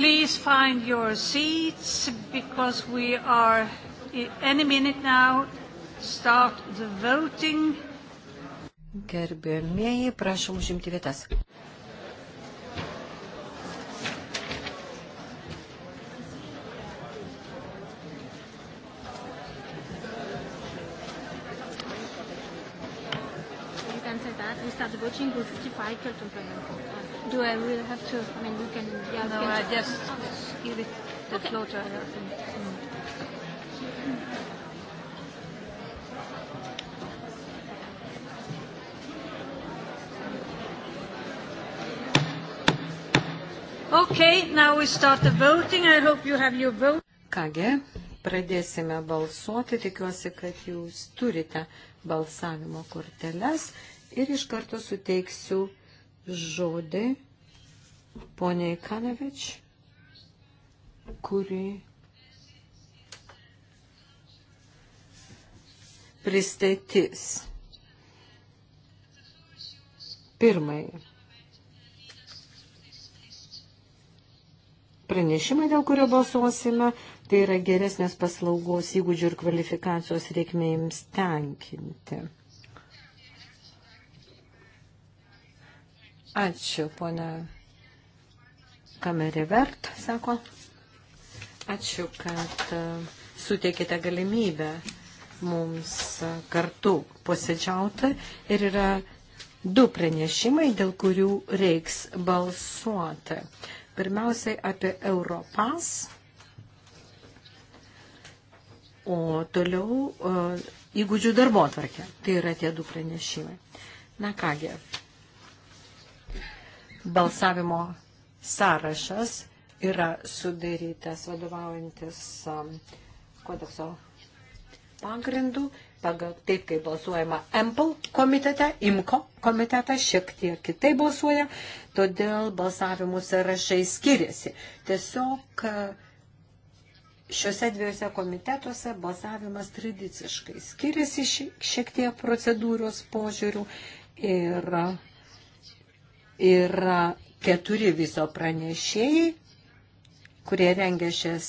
Please find your seats because we are any minute now start the voting. Gerbėmieji, prašom užimti vietas. You can say that. We start the voting with 55 Kelton Plenum do I will have to? I mean, you can. Yeah, no, can I just oh, give it the okay. floor to her. I think. Mm. Okay, now we start the voting. I hope you have your vote. Kągi, pradėsime balsuoti. Tikiuosi, kad jūs turite balsavimo korteles ir iš karto suteiksiu žodį poniai Kanevič, kuri pristatys pirmąjį pranešimą, dėl kurio balsuosime, tai yra geresnės paslaugos įgūdžių ir kvalifikacijos reikmėjims tenkinti. Ačiū, ponia Kamerivert, sako. Ačiū, kad e, suteikite galimybę mums kartu posėdžiauti ir yra du pranešimai, dėl kurių reiks balsuoti. Pirmiausiai apie Europas, o toliau e, įgūdžių darbo atvarkė. Tai yra tie du pranešimai. Na kągi, balsavimo sąrašas yra sudarytas vadovaujantis um, kodekso pagrindų, pagal taip, kaip balsuojama EMPL komitete, IMCO komitetas šiek tiek kitai balsuoja, todėl balsavimų sąrašai skiriasi. Tiesiog e, šiuose dviejose komitetuose balsavimas tradiciškai skiriasi šiek tiek procedūros požiūrių ir yra keturi viso pranešėjai, kurie rengia šias,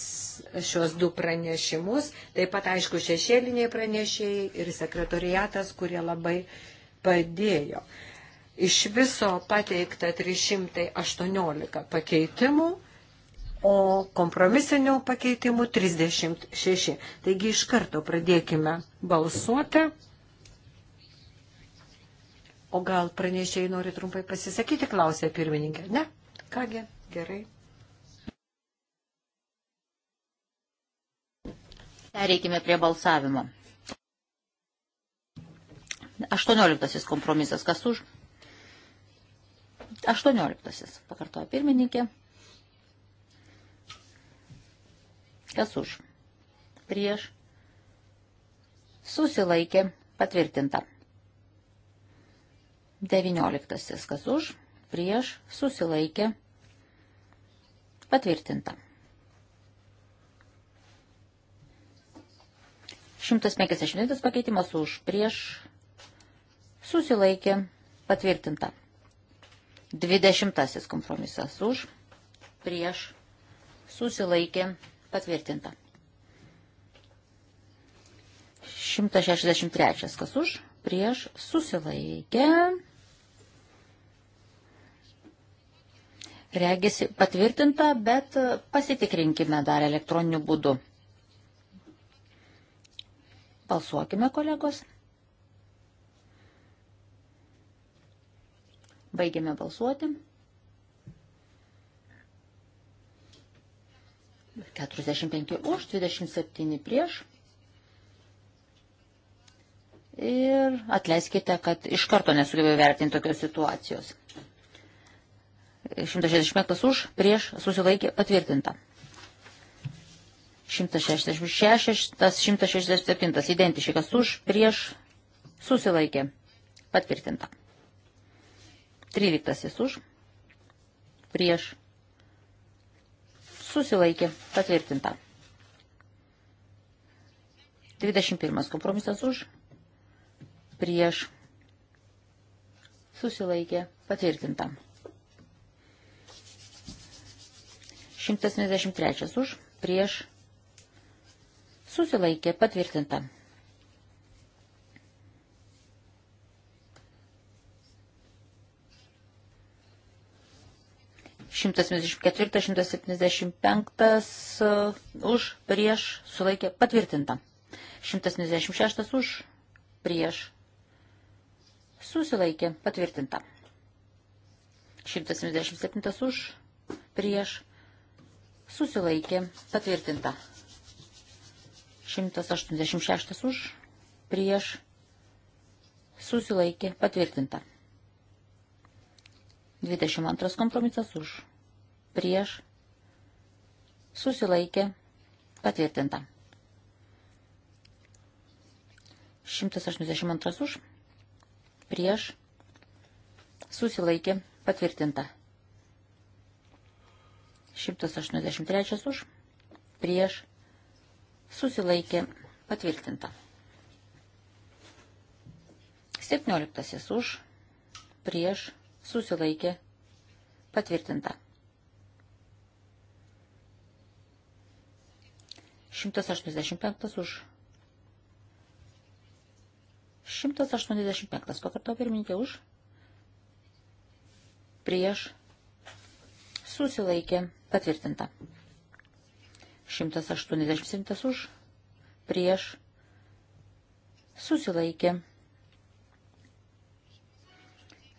šios du pranešimus. Taip pat, aišku, šešėliniai pranešėjai ir sekretoriatas, kurie labai padėjo. Iš viso pateikta 318 pakeitimų o kompromisinių pakeitimų 36. Taigi iš karto pradėkime balsuoti. O gal pranešėjai nori trumpai pasisakyti, klausė pirmininkė. Ne? Kągi, gerai. Pereikime prie balsavimo. 18 kompromisas. Kas už? 18 pakartojo pirmininkė. Kas už? Prieš. Susilaikė. Patvirtinta. 19. Kas už, prieš, susilaikė, patvirtinta. 159 pakeitimas už, prieš, susilaikė, patvirtinta. 20. kompromisas už, prieš, susilaikė, patvirtinta. 163. Kas už? Prieš susilaikė. Regisi patvirtinta, bet e, pasitikrinkime dar elektroniniu būdu. Balsuokime, kolegos. Baigėme balsuoti. 45 už, 27 prieš. Ir atleiskite, kad iš karto nesugebėjau vertinti tokios situacijos. 165 už, prieš susilaikė patvirtinta. 166, 167 identiškas už, prieš susilaikė patvirtinta. 13 už, prieš susilaikė patvirtinta. 21 kompromisas už, prieš susilaikė patvirtinta. 173 už, prieš, susilaikė, patvirtinta. Šimtas ketvirtas, šimtas septyniasdešimt penktas uh, už, prieš, sulaikė, patvirtinta. Šimtas septyniasdešimt šeštas už, prieš, susilaikė, patvirtinta. 177 už, prieš, susilaikė patvirtinta. 186 už, prieš, susilaikė patvirtinta. 22 kompromisas už, prieš, susilaikė patvirtinta. 182 už, prieš, susilaikė patvirtinta. 183 už, prieš, susilaikė, patvirtinta. 17 už, prieš, susilaikė, patvirtinta. 185 už. 185 pakarto pirmininkė už, prieš, susilaikė, patvirtinta Patvirtinta. 187 už, prieš, susilaikė.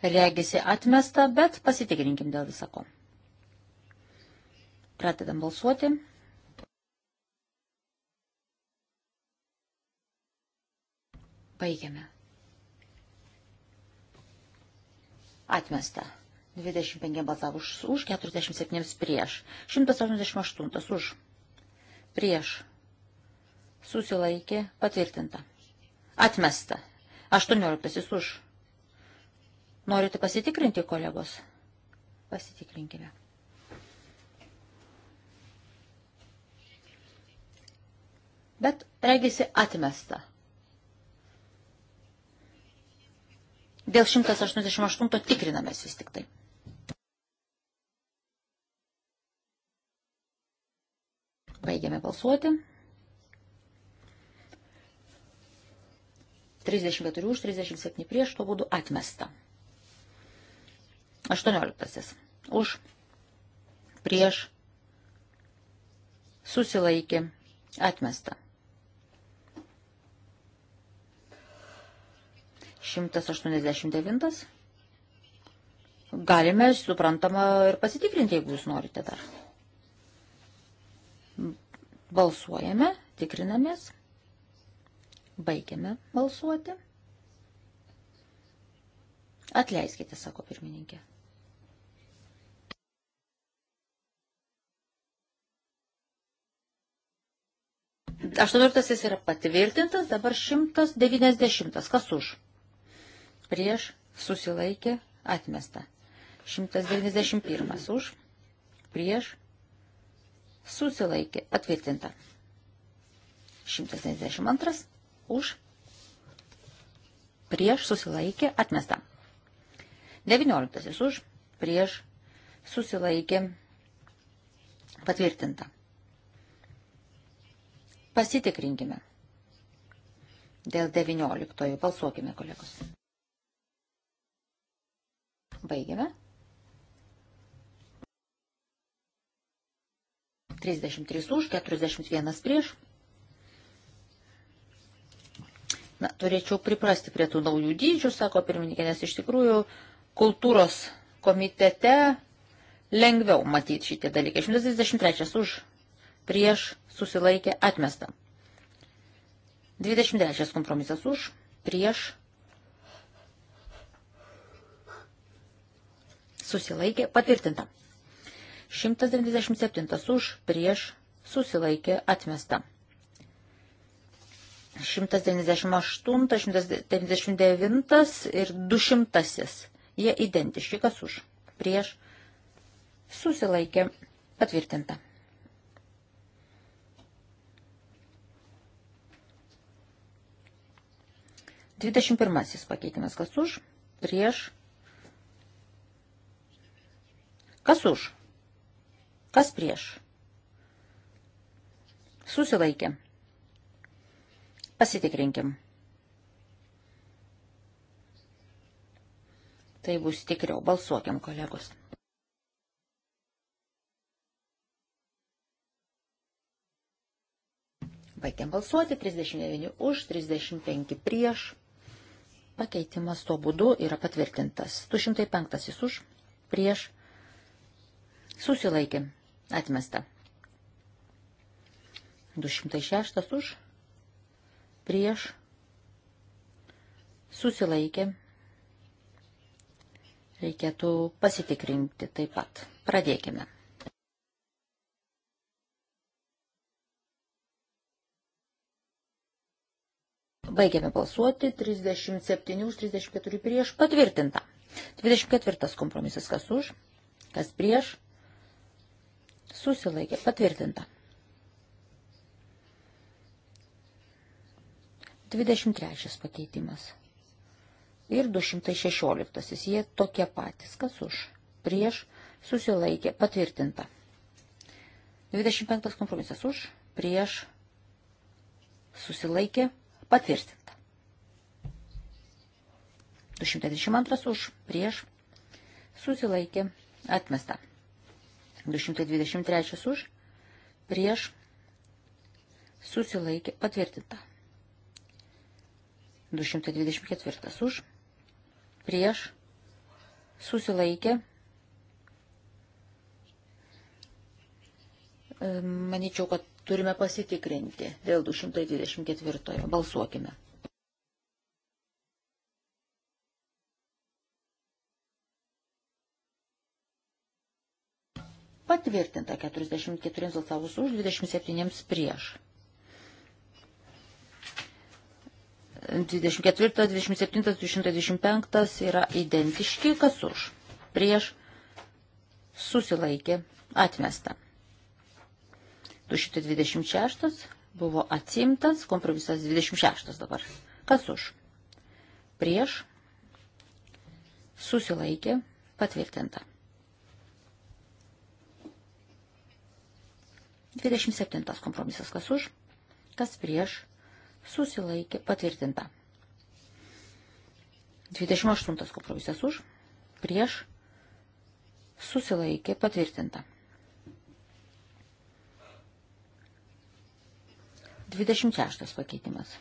Regisi atmesta, bet pasitikrinkim dėl visako. Pratedam balsuoti. Baigiame. Atmesta. 25 balsavo už, už 47 prieš, 188 už, prieš, susilaikė, patvirtinta, atmesta, 18 už. Norite pasitikrinti, kolegos? Pasitikrinkime. Bet regisi atmesta. Dėl 188 tikrinamės vis tik taip. Baigiame balsuoti. 34 už 37 prieš, tuo būdu atmesta. 18. Už prieš susilaikė atmesta. 189. Galime, suprantama, ir pasitikrinti, jeigu jūs norite dar. Balsuojame, tikrinamės, baigiame balsuoti. Atleiskite, sako pirmininkė. Aštuonioliktasis yra patvirtintas, dabar 190. Kas už? Prieš susilaikė atmesta. 191 už. Prieš susilaikė patvirtinta. 172 už prieš susilaikė atmesta. 19 už prieš susilaikė patvirtinta. Pasitikrinkime. Dėl 19 balsuokime, kolegos. Baigiame. 33 už, 41 prieš. Na, turėčiau priprasti prie tų naujų dydžių, sako pirmininkė, nes iš tikrųjų kultūros komitete lengviau matyti šitie dalykai. 133 už, prieš, susilaikė, atmesta. 23 kompromisas už, prieš, susilaikė, patvirtinta. 197 už, prieš, susilaikė, atmesta. 198, 199 ir 200. Jie identiški, kas už, prieš, susilaikė, patvirtinta. Dvidešimt pirmasis pakeitimas, kas už, prieš, kas už, Kas prieš? Susilaikė. Pasitikrinkim. Tai bus tikriau. Balsuokiam, kolegos. Baigiam balsuoti. 39 už, 35 prieš. Pakeitimas tuo būdu yra patvirtintas. 205 už, prieš. Susilaikėm Atmesta. 206 už. Prieš. Susilaikė. Reikėtų pasitikrinti taip pat. Pradėkime. Baigiame balsuoti. 37 už 34 prieš patvirtinta. 24 kompromisas kas už, kas prieš, susilaikė patvirtinta. 23 pakeitimas ir 216, jie tokie patys, kas už, prieš, susilaikė, patvirtinta. 25 kompromisas už, prieš, susilaikė, patvirtinta. 222 už, prieš, susilaikė, atmesta. 223 už, prieš, susilaikė, patvirtinta. 224 už, prieš, susilaikė, manyčiau, kad turime pasitikrinti dėl 224, balsuokime. patvirtinta 44 balsavus už, 27 prieš. 24, 27, 225 yra identiški, kas už, prieš, susilaikė, atmesta. 226 buvo atsimtas, kompromisas 26 dabar. Kas už? Prieš, susilaikė, patvirtinta. 27 kompromisas kas už, kas prieš, susilaikė patvirtinta. 28 kompromisas už, prieš, susilaikė patvirtinta. 26 pakeitimas.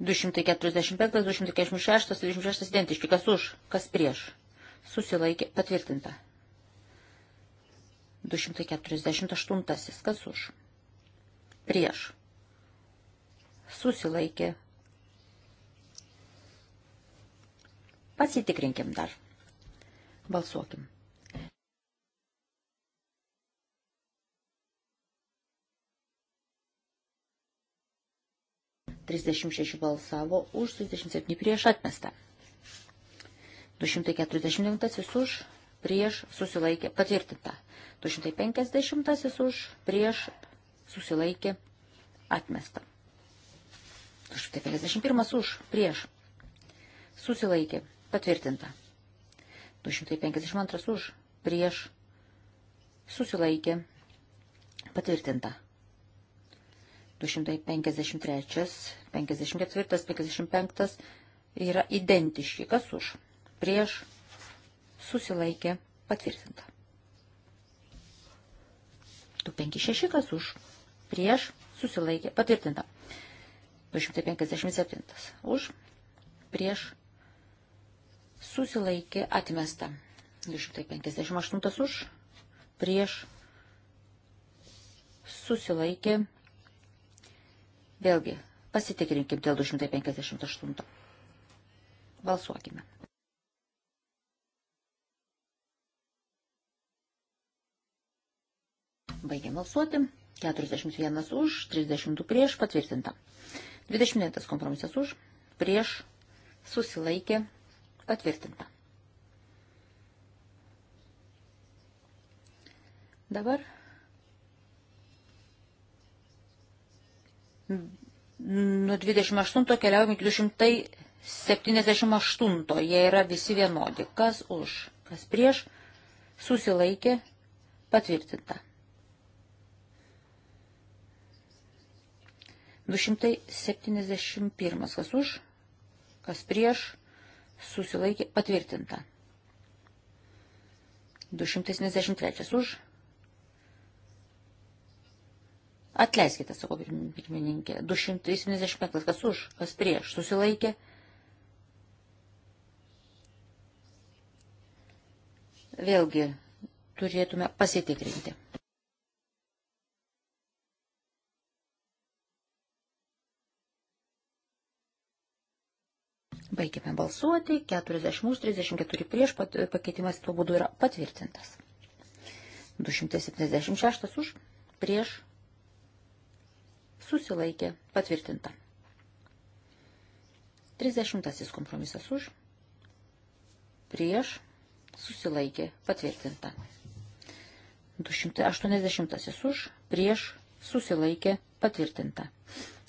245, 246, 26 identiški. Kas už, kas prieš. Susilaikė patvirtinta. 248. Kas už? Prieš. Susilaikė. Pasitikrinkim dar. Balsuokim. 36 balsavo už, 37 prieš atmestą. 249 už, prieš susilaikė patvirtinta. 250 už, prieš susilaikė atmestą. 251 už, prieš susilaikė patvirtinta. 252 už, prieš susilaikė patvirtinta. 253, 54, 55 yra identiški. Kas už? Prieš susilaikė patvirtinta. 256 kas už? Prieš susilaikė patvirtinta. 257 už? Prieš susilaikė atmesta. 258 už? Prieš susilaikė atmesta Vėlgi, pasitikrinkim dėl 258. Balsuokime. Baigiam balsuoti. 41 už, 32 prieš, patvirtinta. 29 kompromisas už, prieš, susilaikė, patvirtinta. Dabar Nuo 28 keliaujame iki 278. Jie yra visi vienodi. Kas už, kas prieš, susilaikė, patvirtinta. 271. Kas už, kas prieš, susilaikė, patvirtinta. 273. Už, Atleiskite, sako pirmininkė, 275, kas už, kas prieš, susilaikė. Vėlgi turėtume pasitikrinti. Baigėme balsuoti, 40 už, 34 prieš, pakeitimas tuo būdu yra patvirtintas. 276 už, prieš, susilaikė, patvirtinta. 30 kompromisas už, prieš, susilaikė, patvirtinta. 280 už, prieš, susilaikė, patvirtinta.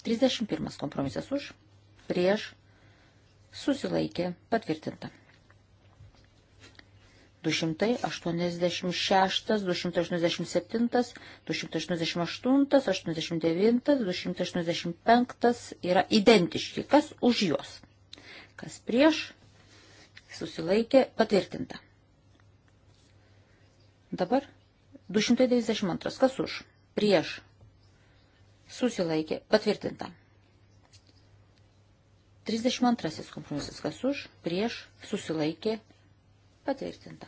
31 kompromisas už, prieš, susilaikė, patvirtinta. 286, 287, 288, 89, 285 yra identiški. Kas už juos? Kas prieš? Susilaikė patvirtinta. Dabar 292. Kas už? Prieš. Susilaikė patvirtinta. 32 kompromisas. Kas už? Prieš. Susilaikė Patvirtinta.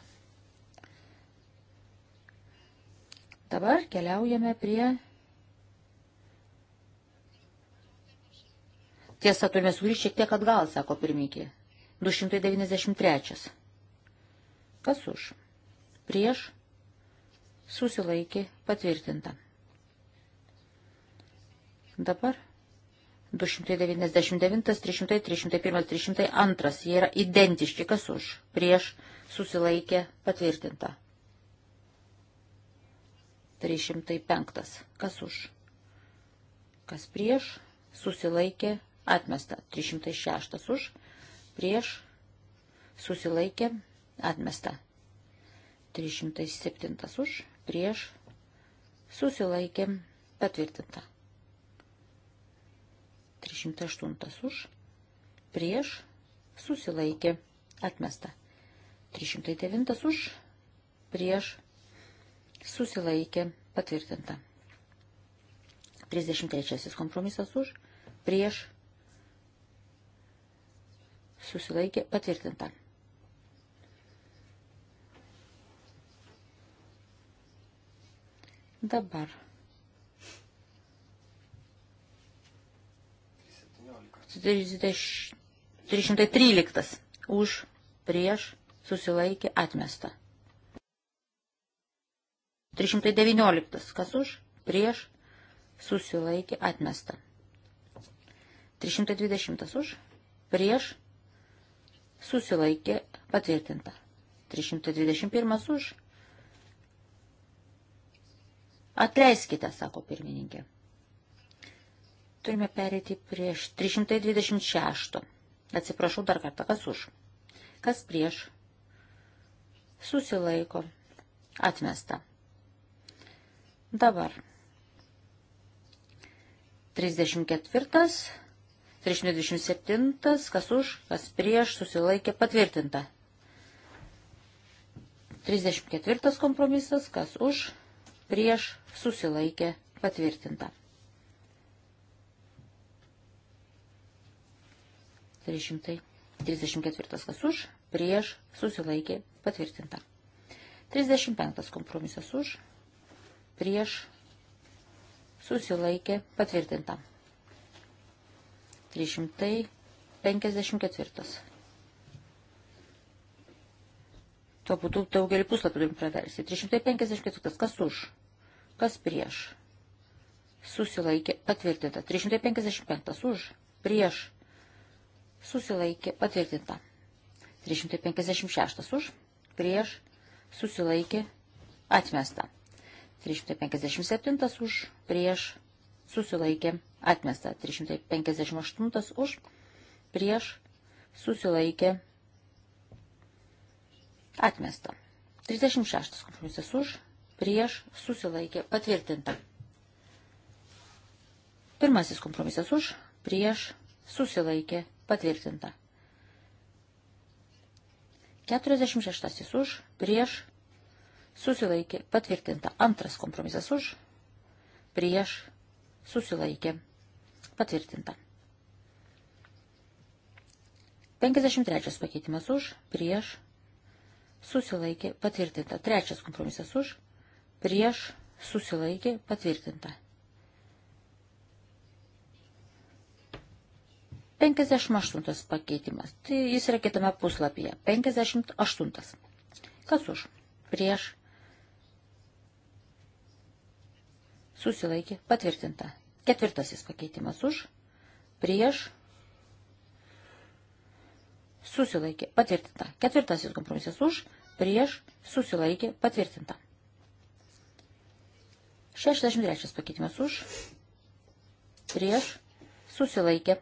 Dabar keliaujame prie... Tiesa, turime sugrįžti šiek tiek atgal, sako pirmykė. 293. Kas už? Prieš susilaikė patvirtinta. Dabar 293. 299, 300, 301, 302. Jie yra identiški, kas už, prieš, susilaikė, patvirtinta. 305. Kas už, kas prieš, susilaikė, atmesta. 306 už, prieš, susilaikė, atmesta. 307 už, prieš, susilaikė, patvirtinta. 308 už, prieš, susilaikė, atmesta. 309 už, prieš, susilaikė, patvirtinta. 33 kompromisas už, prieš, susilaikė, patvirtinta. Dabar 313 už prieš susilaikė atmesta. 319 kas už prieš susilaikė atmesta. 320 už prieš susilaikė patvirtinta. 321 už Atleiskite, sako pirmininkė. Turime perėti prieš 326. Atsiprašau dar kartą, kas už. Kas prieš? Susilaiko. Atmesta. Dabar. 34, 327, kas už, kas prieš, susilaikė patvirtinta. 34 kompromisas, kas už, prieš, susilaikė patvirtinta. 334 kas už, prieš, susilaikė, patvirtinta. 35 kompromisas už, prieš, susilaikė, patvirtinta. 354. Tuo būtų daugelį puslapį turim praversti. 354. Kas už? Kas prieš? Susilaikė. Patvirtinta. 355. Už. Prieš susilaikė patvirtinta. 356 už, prieš, susilaikė atmesta. 357 už, prieš, susilaikė atmesta. 358 už, prieš, susilaikė atmesta. 36 kompromisas už, prieš, susilaikė patvirtinta. Pirmasis kompromisas už, prieš, susilaikė Patvirtinta. 46 už, prieš, susilaikė, patvirtinta. Antras kompromisas už, prieš, susilaikė, patvirtinta. 53 pakeitimas už, prieš, susilaikė, patvirtinta. Trečias kompromisas už, prieš, susilaikė, patvirtinta. 58 pakeitimas. Tai jis yra kitame puslapyje. 58. Kas už? Prieš. Susilaikė. Patvirtinta. Ketvirtasis pakeitimas už. Prieš. Susilaikė. Patvirtinta. Ketvirtasis kompromisas už. Prieš. Susilaikė. Patvirtinta. 63 pakeitimas už. Prieš. Susilaikė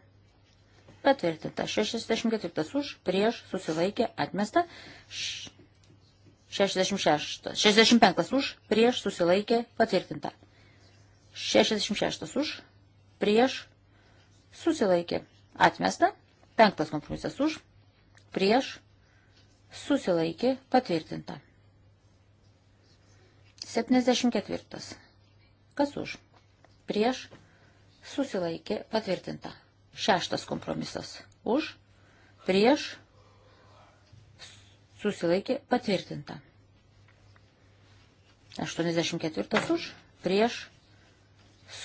patvirtinta. 64 už, prieš, susilaikė, atmesta. 66. 65 už, prieš, susilaikė, patvirtinta. 66 už, prieš, susilaikė, atmesta. 5 kompromisas už, prieš, susilaikė, patvirtinta. 74. Kas už? Prieš, susilaikė, patvirtinta. Šeštas kompromisas. Už, prieš, susilaikė, patvirtinta. 84 už, prieš,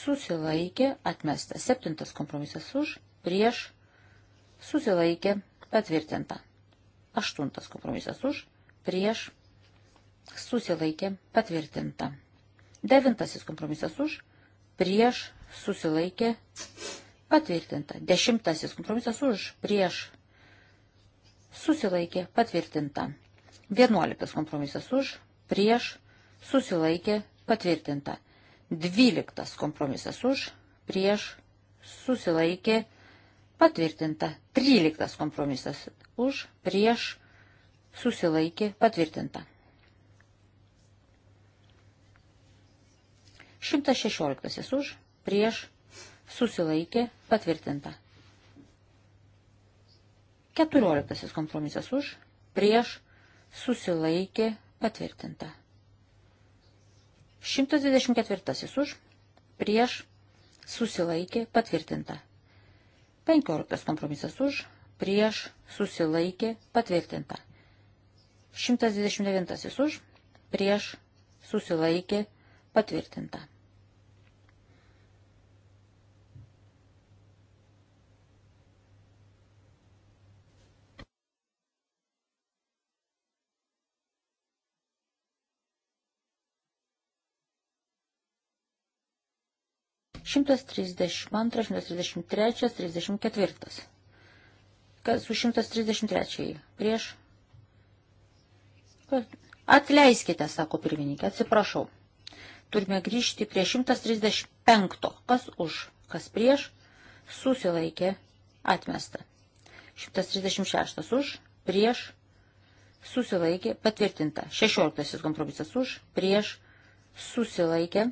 susilaikė, atmesta. Septintas kompromisas už, prieš, susilaikė, patvirtinta. Aštuntas kompromisas už, prieš, susilaikė, patvirtinta. Devintasis kompromisas už, prieš, susilaikė, patvirtinta patvirtinta. Dešimtasis kompromisas už, prieš, susilaikė, patvirtinta. Vienuoliktas kompromisas už, prieš, susilaikė, patvirtinta. Dvyliktas kompromisas už, prieš, susilaikė, patvirtinta. Tryliktas kompromisas už, prieš, susilaikė, patvirtinta. 116 už, prieš, susilaikė, patvirtinta. 14 kompromisas už, prieš, susilaikė, patvirtinta. 124 už, prieš, susilaikė, patvirtinta. 15 kompromisas už, prieš, susilaikė, patvirtinta. 129 už, prieš, susilaikė, patvirtinta. 132, 133, 34. Kas už 133? Prieš? Atleiskite, sako pirmininkė, atsiprašau. Turime grįžti prie 135. Kas už, kas prieš? Susilaikė, atmesta. 136 už, prieš, susilaikė, patvirtinta. 16 kompromisas už, prieš, susilaikė,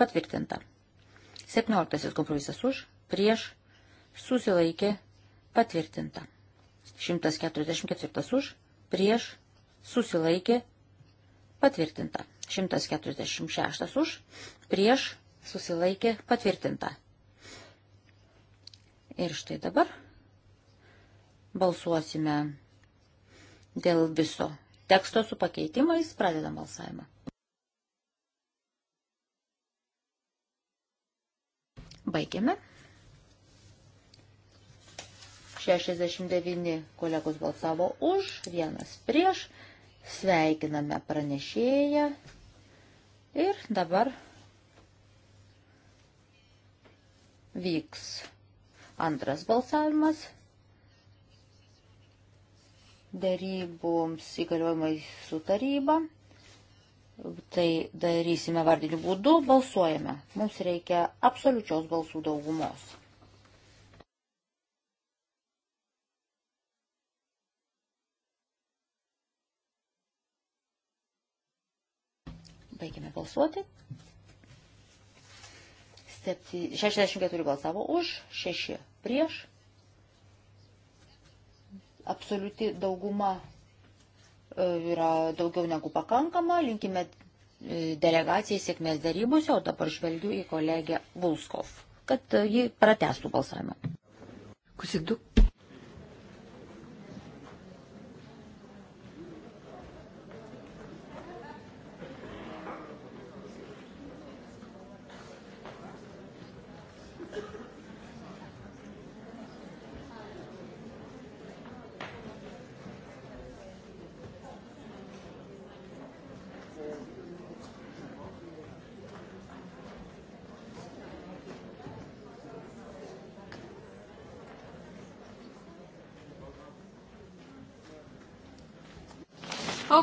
patvirtinta. 17 kompromisas už, prieš, susilaikė, patvirtinta. 144 už, prieš, susilaikė, patvirtinta. 146 už, prieš, susilaikė, patvirtinta. Ir štai dabar balsuosime dėl viso teksto su pakeitimais, pradedam balsavimą. Baigiame. 69 kolegos balsavo už, vienas prieš. Sveikiname pranešėją. Ir dabar vyks antras balsavimas. Daryboms įgaliojimai su taryba. Tai darysime vardiniu būdu, balsuojame. Mums reikia absoliučios balsų daugumos. Baigime balsuoti. 64 balsavo už, 6 prieš. Absoliuti dauguma E, yra daugiau negu pakankama. Linkime e, delegacijai sėkmės darybose, o dabar žvelgiu į kolegę Vulskov, kad e, ji pratestų balsavimą. Kusiduk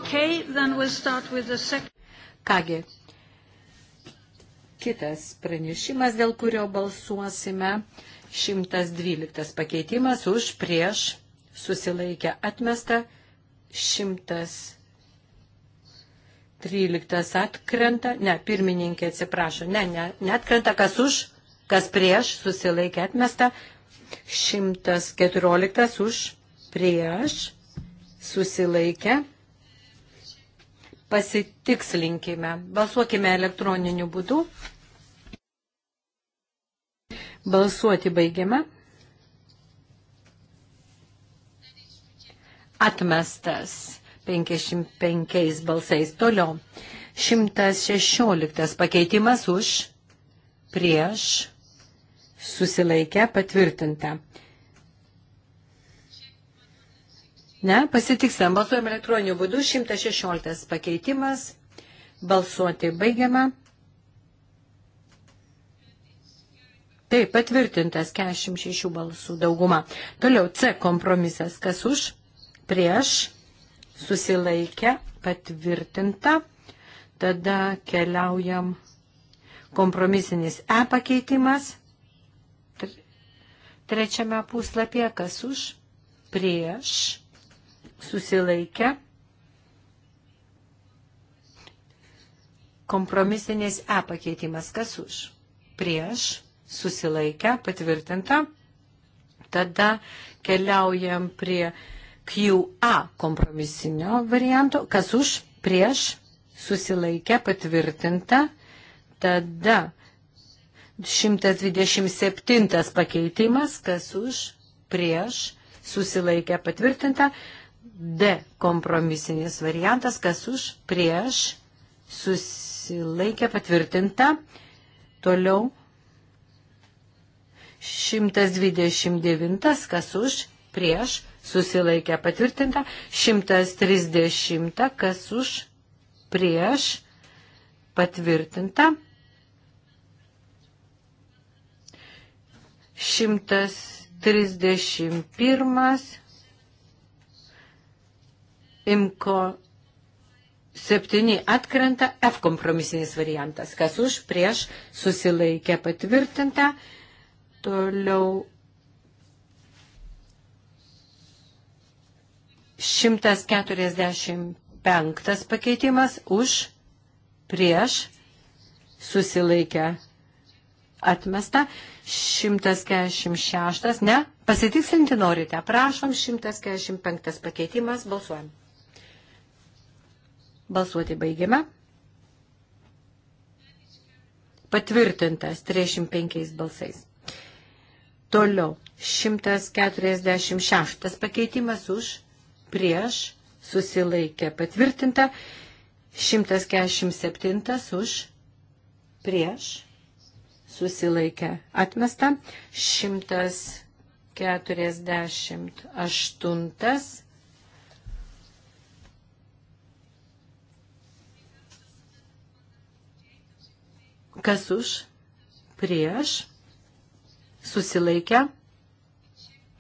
Okay, then we'll start with the second. Kągi, kitas pranešimas, dėl kurio balsuosime, 112 pakeitimas už prieš susilaikę atmestą 113 atkrenta, ne, pirmininkė atsiprašo, ne, ne, netkrenta, kas už, kas prieš susilaikę atmestą 114 už prieš susilaikę atmestą pasitikslinkime. Balsuokime elektroniniu būdu. Balsuoti baigiame. Atmestas 55 balsais toliau. 116 pakeitimas už, prieš, susilaikę, patvirtinta. Ne, pasitiksim, balsuojam elektroniniu būdu, 116 pakeitimas, balsuoti baigiama. Taip, patvirtintas 46 balsų dauguma. Toliau C kompromisas, kas už, prieš, susilaikę, patvirtinta. Tada keliaujam kompromisinis E pakeitimas. Trečiame puslapyje, kas už, prieš, susilaikę. Kompromisinės E pakeitimas kas už? Prieš susilaikę patvirtinta. Tada keliaujam prie QA kompromisinio varianto. Kas už? Prieš susilaikę patvirtinta. Tada 127 pakeitimas, kas už, prieš, susilaikę patvirtinta, D kompromisinis variantas, kas už, prieš, susilaikė patvirtinta. Toliau 129, kas už, prieš, susilaikė patvirtinta. 130, kas už, prieš, patvirtinta. 131. Imko 7 atkrenta F kompromisinis variantas. Kas už, prieš, susilaikė patvirtinta. Toliau 145 pakeitimas už, prieš, susilaikė atmesta. 146, ne, pasitikslinti norite. Prašom, 145 pakeitimas, balsuojam. Balsuoti baigiame. Patvirtintas 35 balsais. Toliau 146 pakeitimas už, prieš, susilaikė patvirtinta, 147 už, prieš, susilaikė atmesta, 148 Kas už? Prieš? Susilaikę?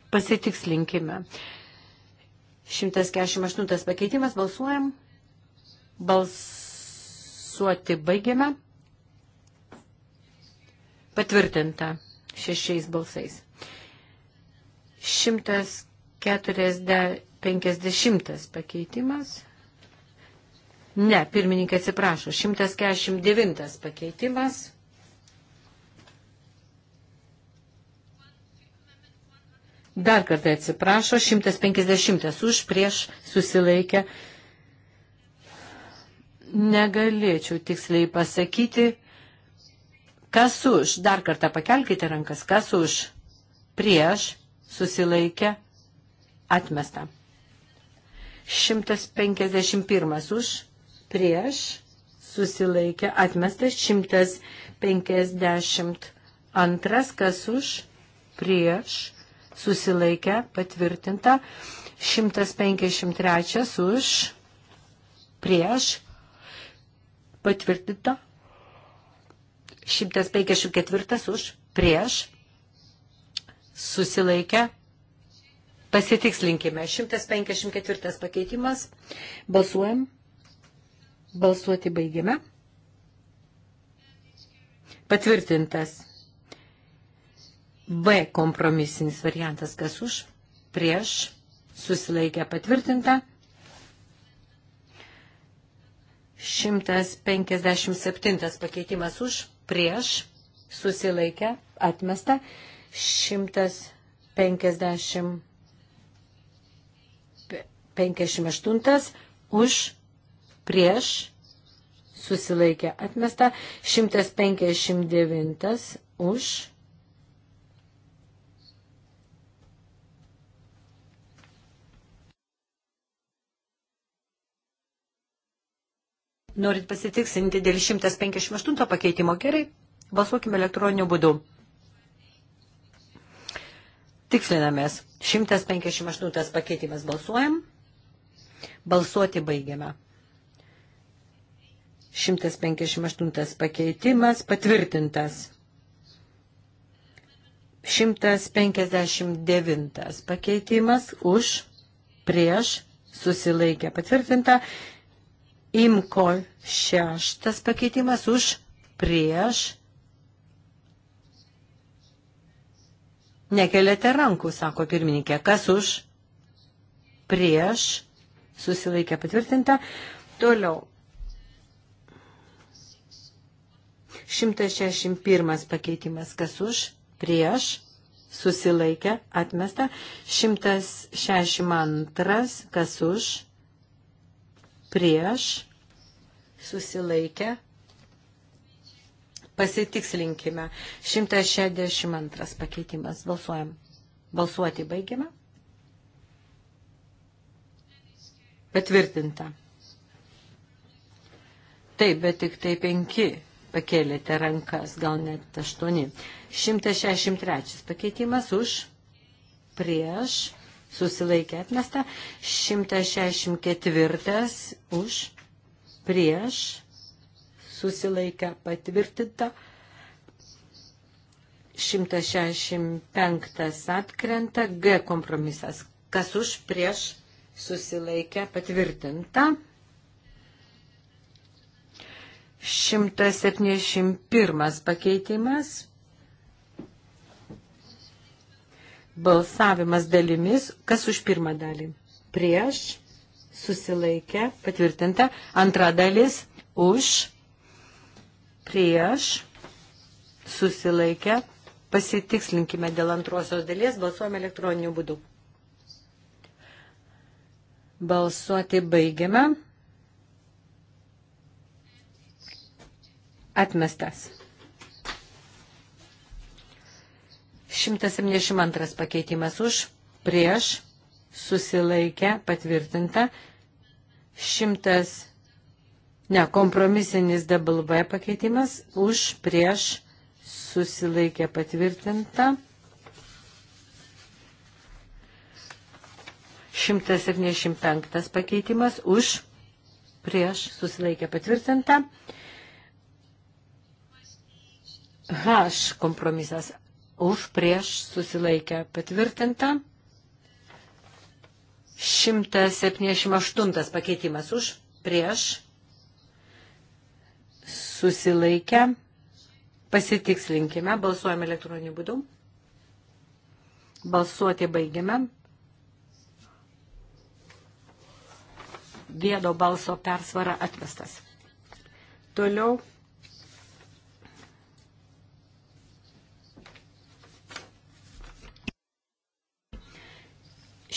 Pasitikslinkime. 148 pakeitimas. Balsuojam. Balsuoti baigiame. Patvirtinta šešiais balsais. 150 pakeitimas. Ne, pirmininkė atsiprašo. 149 pakeitimas. 150. Dar kartą atsiprašo, 150 už prieš susilaikę. Negalėčiau tiksliai pasakyti, kas už, dar kartą pakelkite rankas, kas už prieš susilaikę atmestą. 151 už prieš susilaikė atmestas 152, kas už prieš susilaikė patvirtinta 153 už prieš patvirtinta 154 už prieš susilaikė Pasitikslinkime. 154 pakeitimas. Balsuojam. Balsuoti baigiame. Patvirtintas B kompromisinis variantas, kas už, prieš, susilaikę patvirtinta. 157 pakeitimas už, prieš, susilaikę, atmesta. 158 už, prieš susilaikė atmesta, 159 už. Norit pasitiksinti dėl 158 pakeitimo gerai, balsuokime elektroniniu būdu. Tikslinamės. 158 pakeitimas balsuojam. Balsuoti baigiame. 158 pakeitimas patvirtintas. 159 pakeitimas už, prieš, susilaikė patvirtinta. Imko šeštas pakeitimas už, prieš. Nekeliate rankų, sako pirmininkė. Kas už, prieš, susilaikė patvirtinta. Toliau 161 pakeitimas kas už, prieš, susilaikė, atmesta. 162 kas už, prieš, susilaikė. Pasitikslinkime. 162 pakeitimas. Balsuojam. Balsuoti baigiame. Patvirtinta. Taip, bet tik tai penki pakėlėte rankas, gal net aštuoni. 163 pakeitimas už, prieš, susilaikė atmesta. 164 už, prieš, susilaikė patvirtinta. 165 atkrenta, G kompromisas. Kas už, prieš, susilaikė patvirtinta. 171 pakeitimas. Balsavimas dalimis. Kas už pirmą dalį? Prieš. Susilaikę. Patvirtinta. Antra dalis. Už. Prieš. Susilaikę. Pasitikslinkime dėl antrosios dalies. Balsuojame elektroniniu būdu. Balsuoti baigiame. Atmestas. 172 pakeitimas už, prieš, susilaikę, patvirtinta. 100, ne, kompromisinis WB pakeitimas už, prieš, susilaikę, patvirtinta. 175 pakeitimas už, prieš, susilaikę, patvirtinta. H kompromisas už prieš susilaikę patvirtinta. 178 pakeitimas už prieš susilaikę. Pasitikslinkime, balsuojame elektroniniu būdu. Balsuoti baigiame. Vėdo balso persvara atmestas. Toliau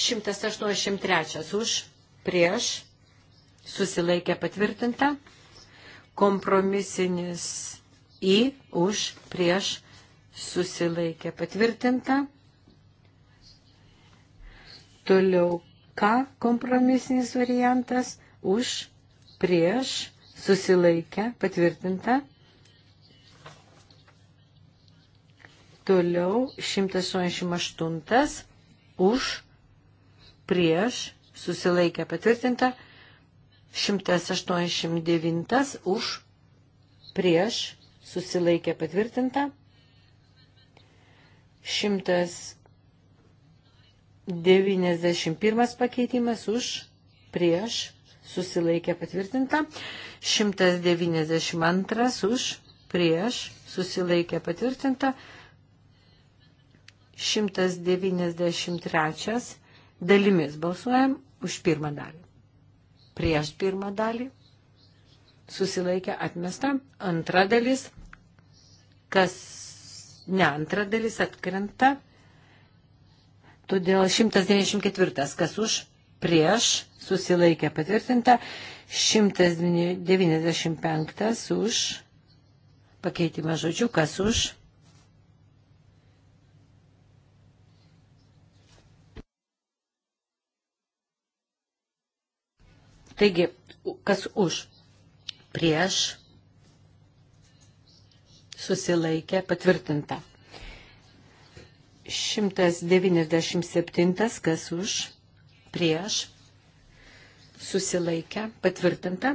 183 už, prieš, susilaikė patvirtinta, kompromisinis į, už, prieš, susilaikė patvirtinta, toliau K kompromisinis variantas, už, prieš, susilaikė patvirtinta, toliau 188 už, prieš, susilaikė patvirtinta, 189 už, prieš, susilaikė patvirtinta, 191 pakeitimas už, prieš, susilaikė patvirtinta, 192 už, prieš, susilaikė patvirtinta, 193 Dalimis balsuojam už pirmą dalį. Prieš pirmą dalį susilaikė atmesta. Antra dalis, kas ne antra dalis atkrenta. Todėl 194, kas už, prieš, susilaikė patvirtinta. 195 už, pakeitimą žodžių, kas už, Taigi, kas už? Prieš susilaikė patvirtinta. 197 kas už, prieš, susilaikę, patvirtinta.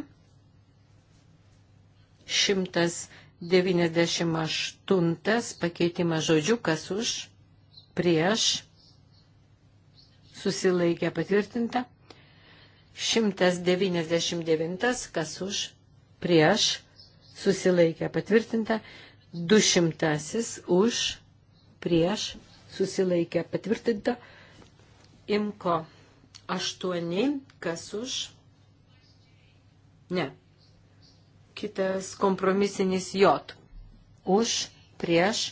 198 pakeitimas žodžių, kas už, prieš, susilaikę, patvirtinta. 199, kas už, prieš, susilaikė patvirtinta, 200 už, prieš, susilaikė patvirtinta, imko 8, kas už, ne, kitas kompromisinis J, už, prieš,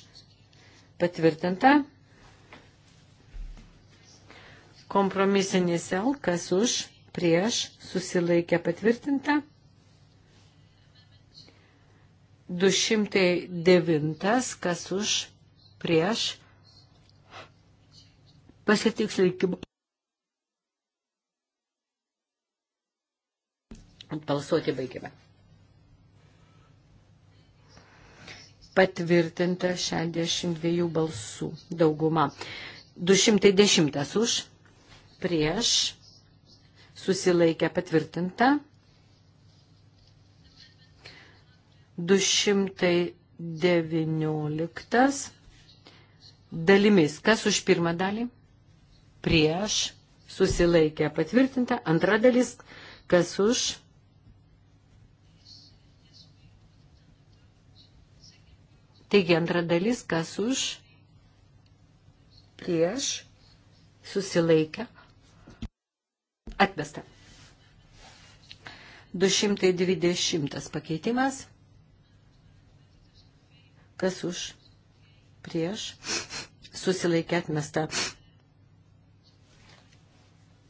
patvirtinta, kompromisinis L, kas už, prieš susilaikė patvirtinta. 209, kas už prieš pasitikslinkimą. Balsuoti baigime. Patvirtinta 62 balsų dauguma. 210 už prieš susilaikė patvirtinta. 219 dalimis. Kas už pirmą dalį? Prieš susilaikė patvirtinta. Antra dalis. Kas už? Taigi antra dalis. Kas už? Prieš susilaikė patvirtinta Atmesta. 220 pakeitimas. Kas už? Prieš. Susilaikė atmesta.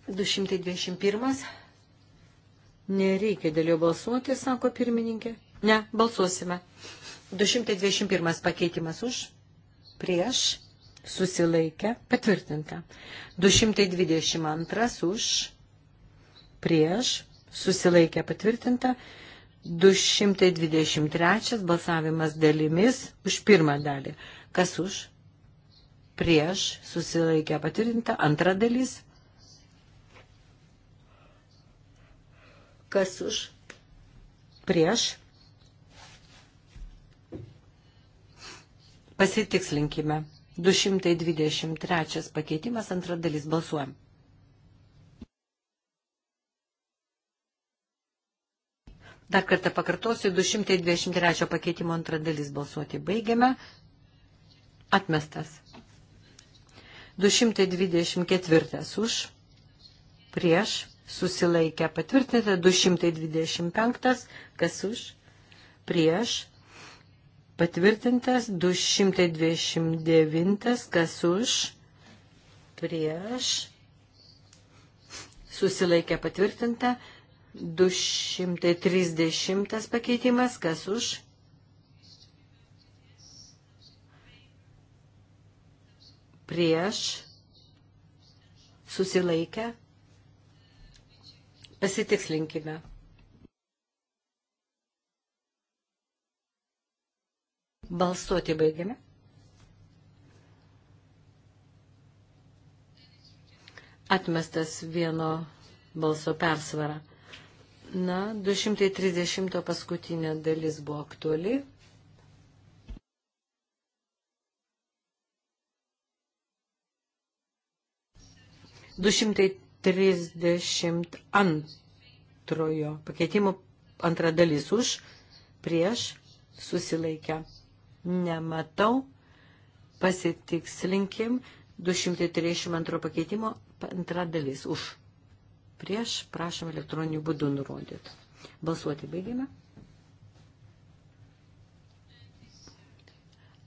221. Nereikia dėl jo balsuoti, sako pirmininkė. Ne, balsuosime. 221 pakeitimas už. Prieš. Susilaikė. Patvirtinta. 222 už prieš, susilaikė patvirtinta, 223 balsavimas dalimis už pirmą dalį. Kas už? Prieš, susilaikė patvirtinta, antra dalis. Kas už? Prieš. Pasitikslinkime. 223 pakeitimas, antra dalis balsuojam. Dar kartą pakartosiu, 223 pakeitimo antra dalis balsuoti baigiame. Atmestas. 224 už, prieš, susilaikę patvirtinta, 225, kas už, prieš, patvirtintas, 229, kas už, prieš, susilaikę patvirtinta, 230 pakeitimas, kas už? Prieš susilaikę. Pasitikslinkime. Balsuoti baigiame. Atmestas vieno balso persvara. Na, 230 paskutinė dalis buvo aktuali. Du šimtai trisdešimt antrojo pakeitimo antra dalis už, prieš, susilaikę. Nematau, pasitikslinkim, 232 pakeitimo antra dalis už prieš, prašom elektroninių būdų nurodyti. Balsuoti baigime.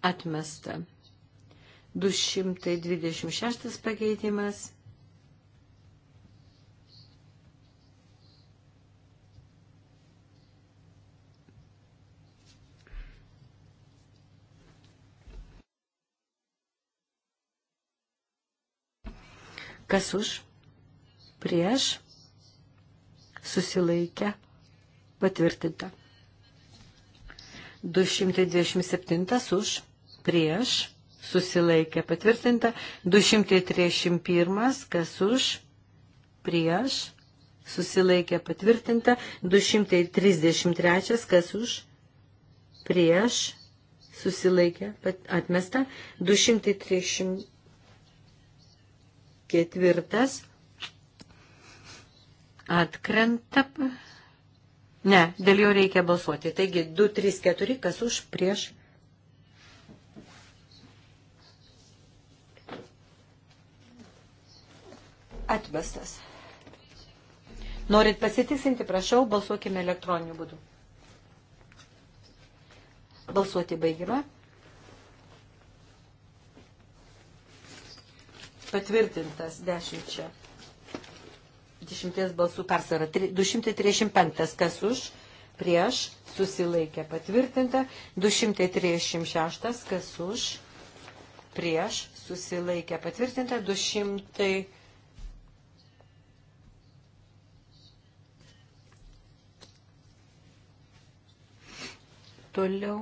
Atmesta. 226 pakeitimas. Kas už? prieš, susilaikę, patvirtinta. 227 už, prieš, susilaikę, patvirtinta. 231, kas už, prieš, susilaikė, patvirtinta. 233, kas už, prieš, susilaikė, atmesta. 234, Atkrenta. Ne, dėl jo reikia balsuoti. Taigi 2, 3, 4, kas už prieš. Atmestas. Norit pasitisinti, prašau, balsuokime elektroniniu būdu. Balsuoti baigime. Patvirtintas dešimčia 10 balsų persvara. 235 kas už, prieš, susilaikė patvirtinta. 236 kas už, prieš, susilaikė patvirtinta. 200. Toliau.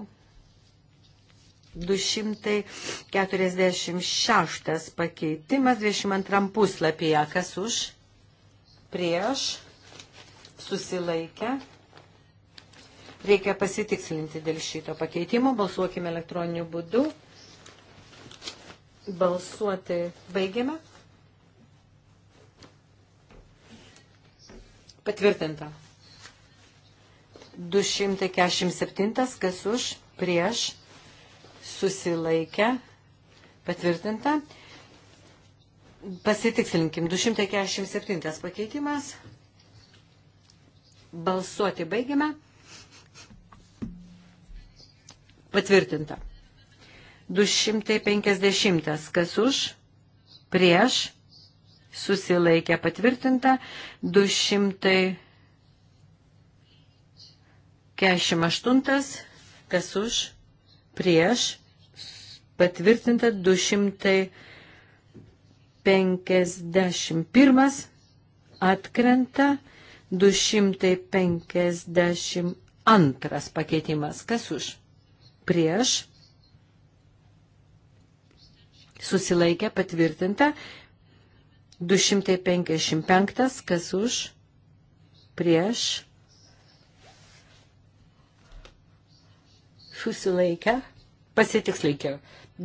246 pakeitimas 22 puslapyje. Kas už? prieš, susilaikę. Reikia pasitikslinti dėl šito pakeitimo. Balsuokime elektroniniu būdu. Balsuoti baigiame. Patvirtinta. 247, kas už, prieš, susilaikę, patvirtinta. Pasitikslinkim, 247 pakeitimas. Balsuoti baigiame. Patvirtinta. 250. Kas už? Prieš. Susilaikė patvirtinta. 248. Kas už? Prieš. Patvirtinta. 250. 251 atkrenta, 252 pakeitimas. Kas už? Prieš. Susilaikė patvirtinta. 255. Kas už? Prieš. Susilaikę. Pasitikslinkė.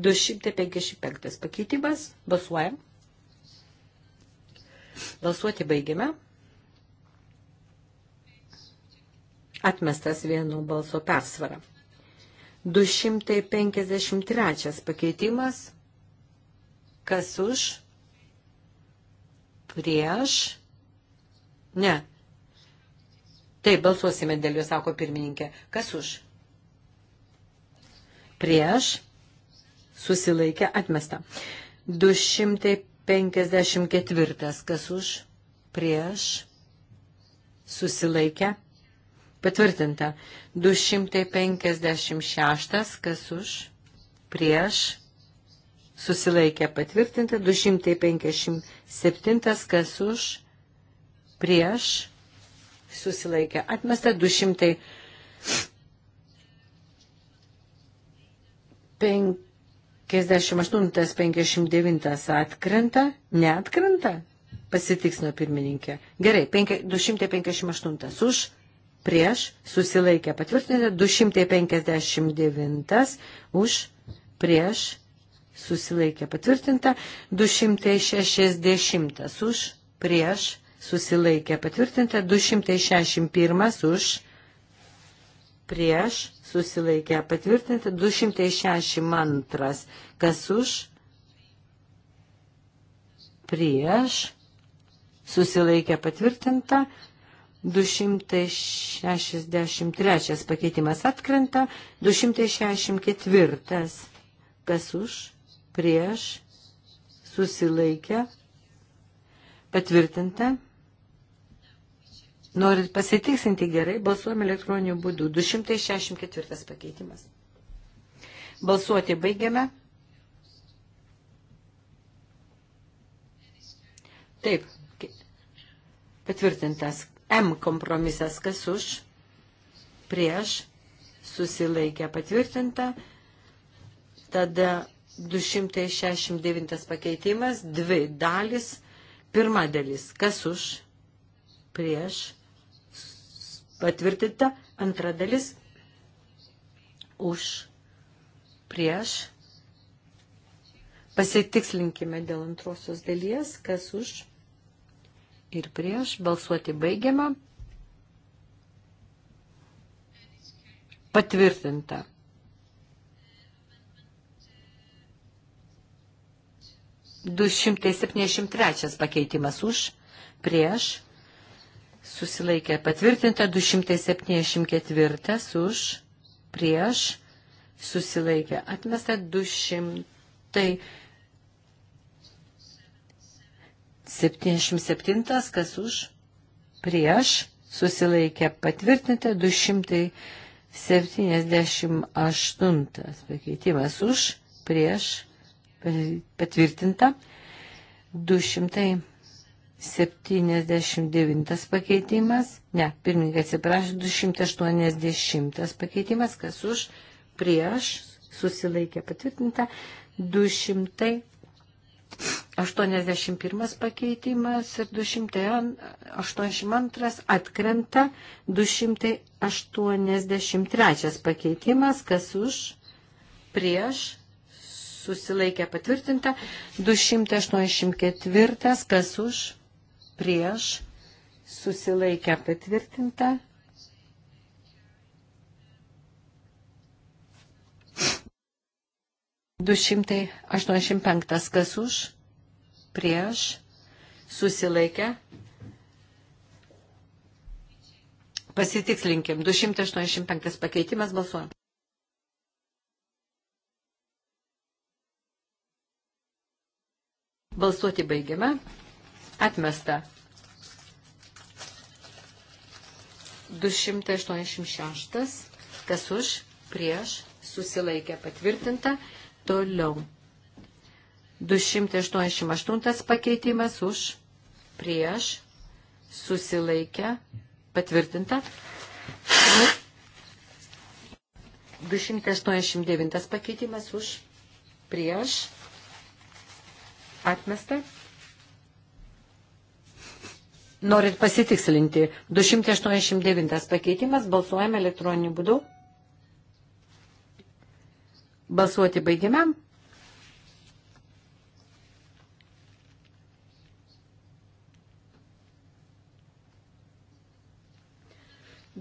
255 pakeitimas. Basuojam. Balsuoti baigime. Atmestas vienu balso persvara. 253 pakeitimas. Kas už? Prieš? Ne. Taip, balsuosime dėl jo, sako pirmininkė. Kas už? Prieš? Susilaikė atmesta. 255 54. Kas už? Prieš. Susilaikę. Patvirtinta. 256. Kas už? Prieš. Susilaikę. Patvirtinta. 257. Kas už? Prieš. Susilaikę. Atmesta. 200. 5 58-59 atkrenta, neatkrenta, pasitiksino pirmininkė. Gerai, 258 už, prieš, susilaikė patvirtinta, 259 už, prieš, susilaikė patvirtinta, 260 už, prieš, susilaikė patvirtinta, 261 už, prieš susilaikę patvirtinti 262, kas už prieš susilaikę patvirtinta 263 pakeitimas atkrenta, 264 kas už prieš susilaikę patvirtinta Norit pasitiksinti gerai, balsuojame elektroniniu būdu. 264 pakeitimas. Balsuoti baigiame. Taip, patvirtintas M kompromisas, kas už, prieš, susilaikė patvirtinta. Tada 269 pakeitimas, dvi dalis, pirma dalis, kas už, prieš, patvirtinta, antra dalis už, prieš. Pasitikslinkime dėl antrosios dalies, kas už ir prieš. Balsuoti baigiama. Patvirtinta. Du šimtai septyniasdešimt trečias pakeitimas už, prieš susilaikė patvirtinta 274 už prieš susilaikė atmesta 277 kas už prieš susilaikė patvirtinta 278 pakeitimas už prieš patvirtinta 200 79 pakeitimas, ne, pirmininkai atsiprašo, 280 pakeitimas, kas už, prieš, susilaikė patvirtinta, 281 pakeitimas ir 282 atkrenta, 283 pakeitimas, kas už, prieš, susilaikė patvirtinta, 284 kas už, prieš, susilaikę patvirtinta. Du šimtai aštuoniasdešimt penktas kas už, prieš, susilaikę. Pasitikslinkim, 285 pakeitimas balsuojam. Balsuoti baigiame. Atmesta. 286. Kas už, prieš, susilaikė patvirtinta. Toliau. 288 pakeitimas už, prieš, susilaikė patvirtinta. 289 pakeitimas už, prieš, atmesta. Norit pasitikslinti, 289 pakeitimas, balsuojame elektroniniu būdu. Balsuoti baigiame.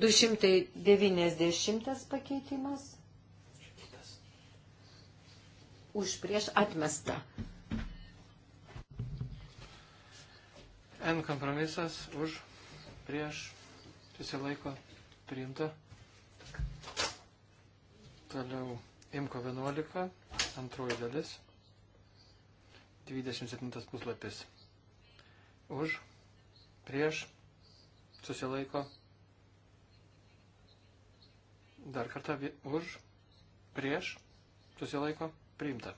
Du šimtai devyniasdešimtas pakeitimas. Už prieš atmestą. N kompromisas už, prieš, susilaiko, priimta. Toliau Imko 11, antroji dalis, 27 puslapis. Už, prieš, susilaiko, dar kartą už, prieš, susilaiko, priimta.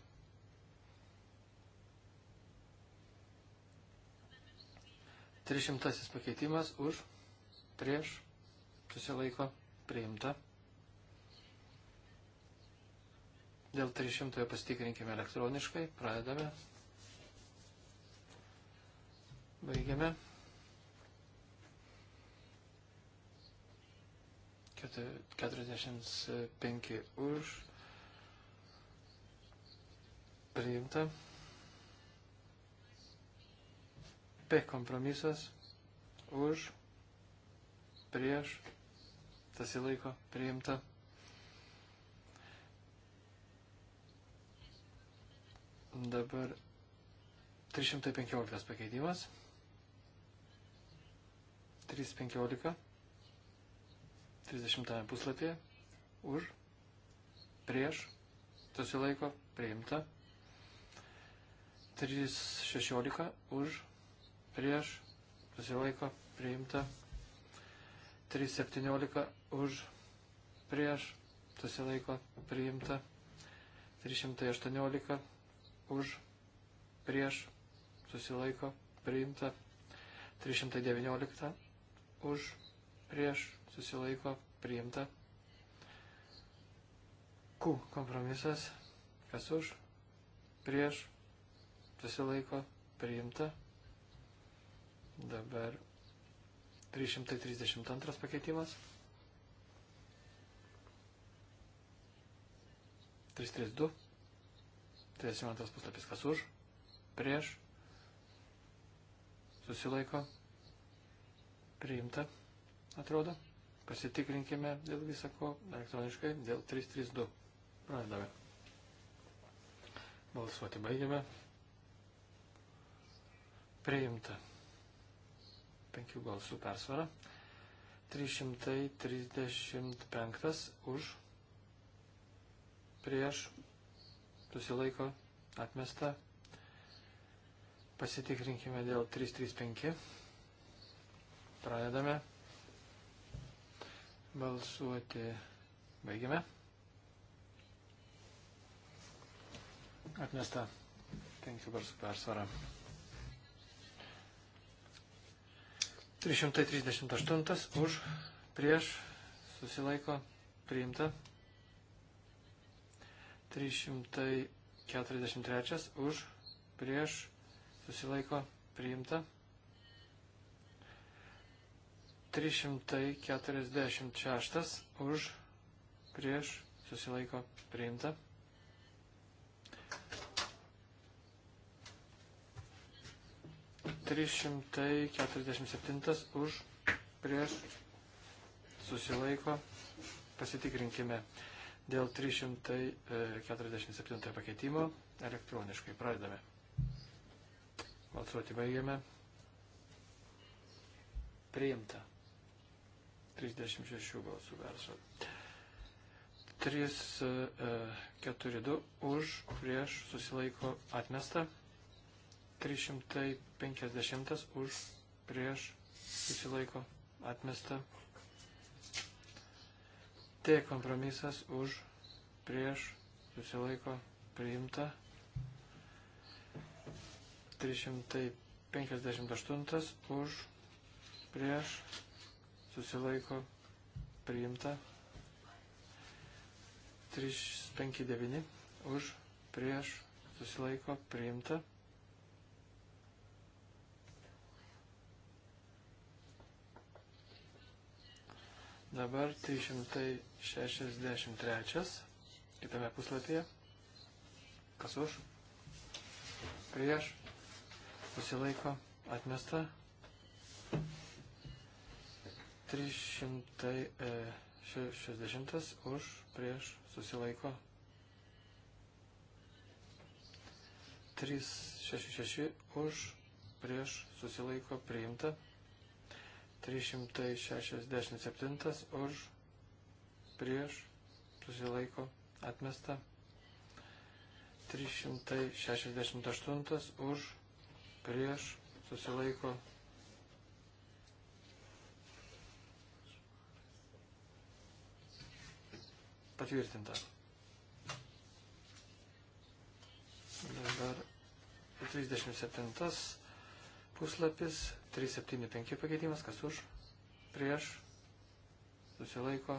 300 pakeitimas už, prieš, susilaiko, priimta. Dėl 300 pasitikrinkime elektroniškai, pradedame. Baigiame. 45 už. Priimta. P kompromisas už, prieš, tas įlaiko priimta. Dabar 315 pakeitimas. 315. 30 puslapyje. Už. Prieš. Susilaiko. Priimta. 316. Už prieš, susilaiko, priimta. 317 už, prieš, susilaiko, priimta. 318 už, prieš, susilaiko, priimta. 319 už, prieš, susilaiko, priimta. Q kompromisas, kas už, prieš, susilaiko, priimta. Dabar 332 pakeitimas. 332. 32 puslapis kas už, prieš, susilaiko, priimta, atrodo. Pasitikrinkime dėl visako elektroniškai, dėl 332. Pradedame. Balsuoti baigiame. Priimta. 5 balsų persvara. 335 už, prieš, susilaiko, atmesta. Pasitikrinkime dėl 335. Pradedame. Balsuoti. Baigiame. Atmesta. 5 balsų persvara. 338 už, prieš, susilaiko, priimta. 343 už, prieš, susilaiko, priimta. 346 už, prieš, susilaiko, priimta. 347 už prieš susilaiko. Pasitikrinkime dėl 347 pakeitimo elektroniškai. Pradedame. Balsuoti baigiame. Priimta. 36 balsų verso. 3, 4, 2 už, prieš, susilaiko, atmesta. 350 už prieš susilaiko atmesta. T kompromisas už prieš susilaiko priimta. 358 už prieš susilaiko priimta. 359 už prieš susilaiko priimta. Dabar 363. Kitame puslapyje. Kas už? Prieš. Susilaiko. Atmesta. 360 už. Prieš. Susilaiko. 366 už. Prieš. Susilaiko. Priimta. 367 už, prieš, susilaiko, atmesta. 368 už, prieš, susilaiko. Patvirtinta. Dabar 37 puslapis, 375 pakeitimas, kas už, prieš, susilaiko,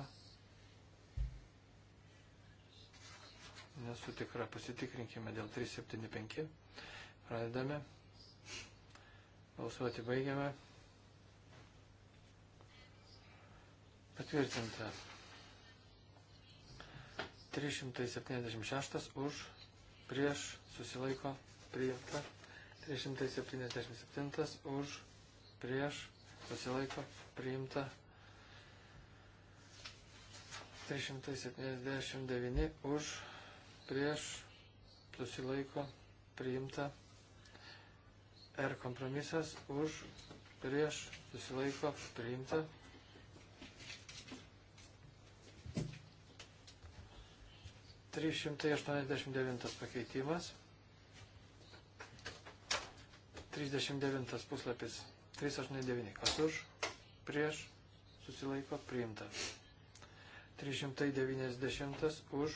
nesu tikra, pasitikrinkime dėl 375, pradedame, balsuoti baigiame, patvirtinta, 376 už, prieš, susilaiko, priimta. 377 už, prieš, susilaiko, priimta. 379 už, prieš, susilaiko, priimta. R kompromisas už, prieš, susilaiko, priimta. 389 pakeitimas. 39 puslapis. 389. Kas už? Prieš? Susilaiko priimta. 390 už?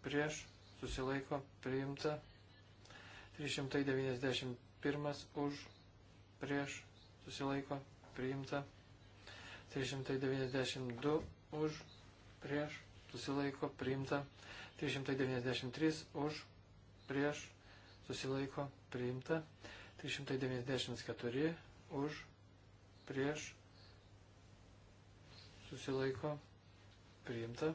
Prieš? Susilaiko priimta. 391 už? Prieš? Susilaiko priimta. 392 už? Prieš? Susilaiko priimta. 393 už? Prieš? Susilaiko priimta. 394 už, prieš, susilaiko, priimta.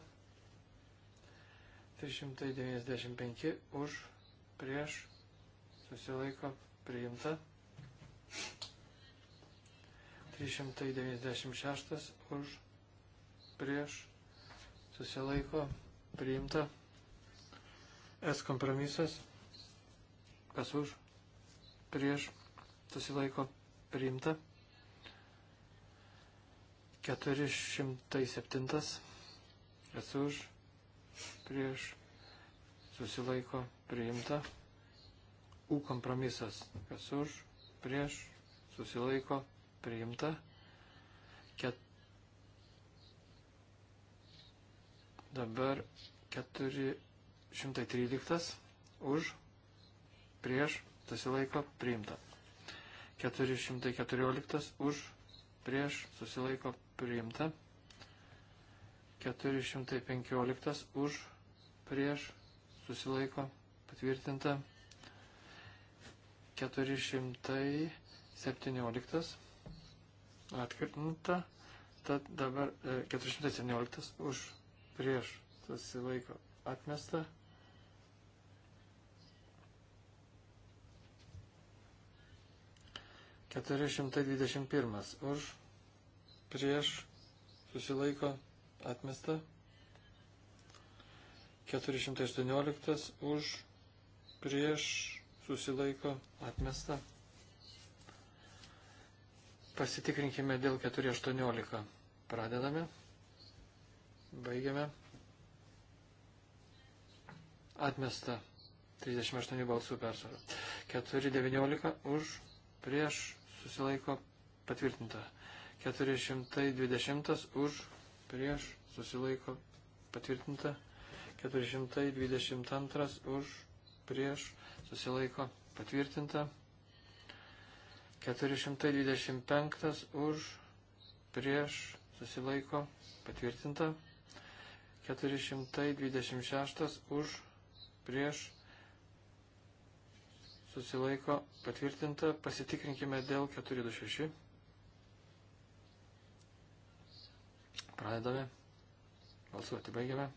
395 už, prieš, susilaiko, priimta. 396 už, prieš, susilaiko, priimta. S kompromisas, kas už, prieš susilaiko priimta. 407 kas už prieš susilaiko priimta. U kompromisas kas už prieš susilaiko priimta. Ket... Dabar 413 už prieš susilaiko priimta. 414 už prieš susilaiko priimta. 415 už prieš susilaiko patvirtinta. 417 atkartinta. Tad dabar 417 e, už prieš susilaiko atmesta. 421 už, prieš, susilaiko, atmesta. 418 už, prieš, susilaiko, atmesta. Pasitikrinkime dėl 418. Pradedame. Baigiame. Atmesta. 38 balsų persvara. 419 už, prieš, susilaiko patvirtinta. 420 už, prieš, susilaiko patvirtinta. 422 už, prieš, susilaiko patvirtinta. 425 už, prieš, susilaiko patvirtinta. 426 už, prieš, susilaiko patvirtinta. Pasitikrinkime dėl 426. Pradedame. Balsuoti baigiame.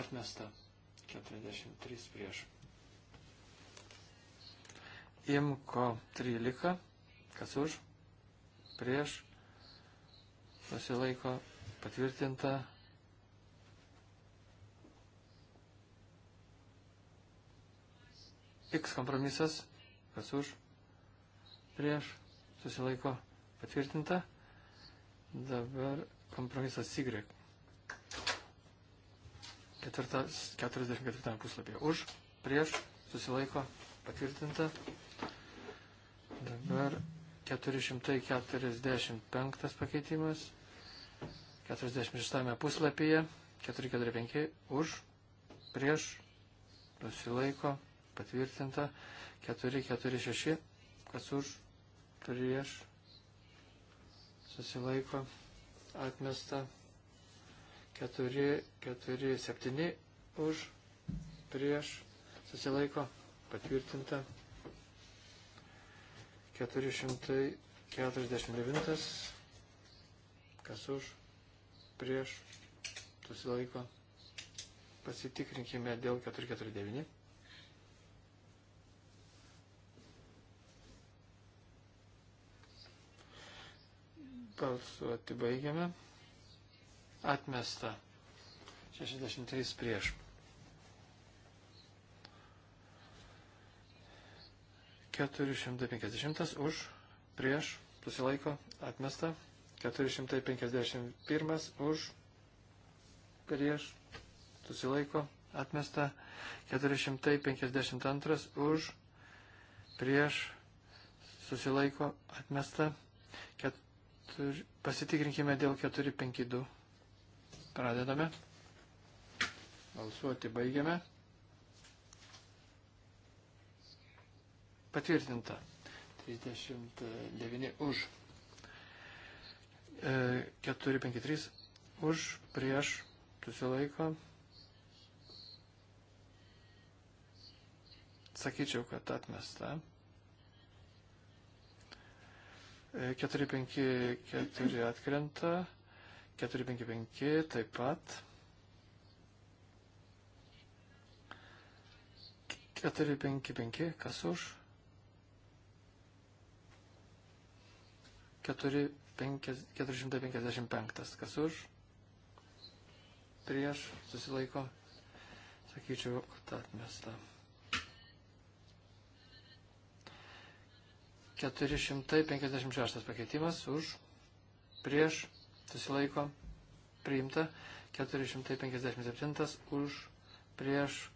Atmesta 43 prieš. Imko 13. Kas už? Prieš. Nusilaiko patvirtinta X kompromisas, kas už, prieš, susilaiko patvirtinta. Dabar kompromisas Y. Ketvirtas, 44 puslapyje. Už, prieš, susilaiko patvirtinta. Dabar 445 pakeitimas. 46 puslapyje. 445 už, prieš, susilaiko patvirtinta patvirtinta. 446, kas už, prieš, susilaiko, atmesta. 447 už, prieš, susilaiko, patvirtinta. 449, kas už, prieš, susilaiko. Pasitikrinkime dėl 449. Balsuoti baigiame. Atmesta. 63 prieš. Keturi šimtai penkiasdešimtas už, prieš, susilaiko, atmesta. Keturi šimtai penkiasdešimt pirmas už, prieš, susilaiko, atmesta. Keturi šimtai penkiasdešimt antras už, prieš, susilaiko, atmesta. Ket... Tur... Pasitikrinkime dėl 452. Pradedame. Balsuoti baigiame. Patvirtinta. 39 už. 453 e, už, prieš, susilaiko. Sakyčiau, kad atmesta. 454 atkrenta, 455 taip pat. 455, kas už? 4, 5, 455, kas už? Prieš susilaiko, sakyčiau, kad atmesta. 456 pakeitimas už, prieš, susilaiko, priimta. 457 už, prieš,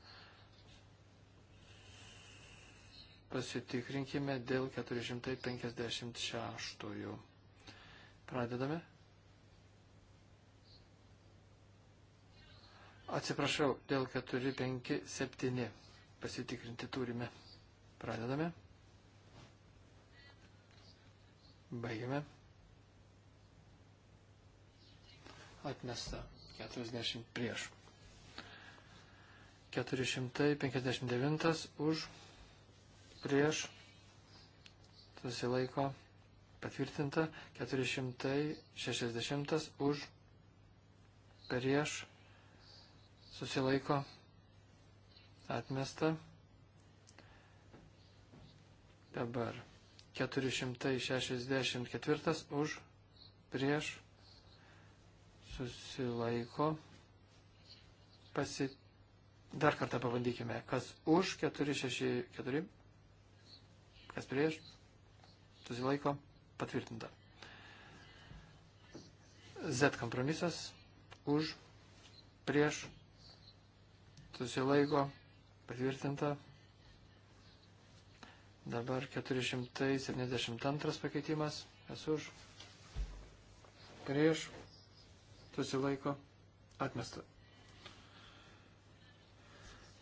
pasitikrinkime dėl 456. Pradedame. Atsiprašau, dėl 457 pasitikrinti turime. Pradedame. Baigiame. Atmesta 40 prieš. 459 už prieš susilaiko patvirtinta 460 už prieš susilaiko atmesta dabar 464 už, prieš, susilaiko, pasi... Dar kartą pabandykime, kas už 464, kas prieš, susilaiko, patvirtinta. Z kompromisas, už, prieš, susilaiko, patvirtinta. Dabar 472 pakeitimas. Esu už. Prieš. Susilaiko. Atmesta.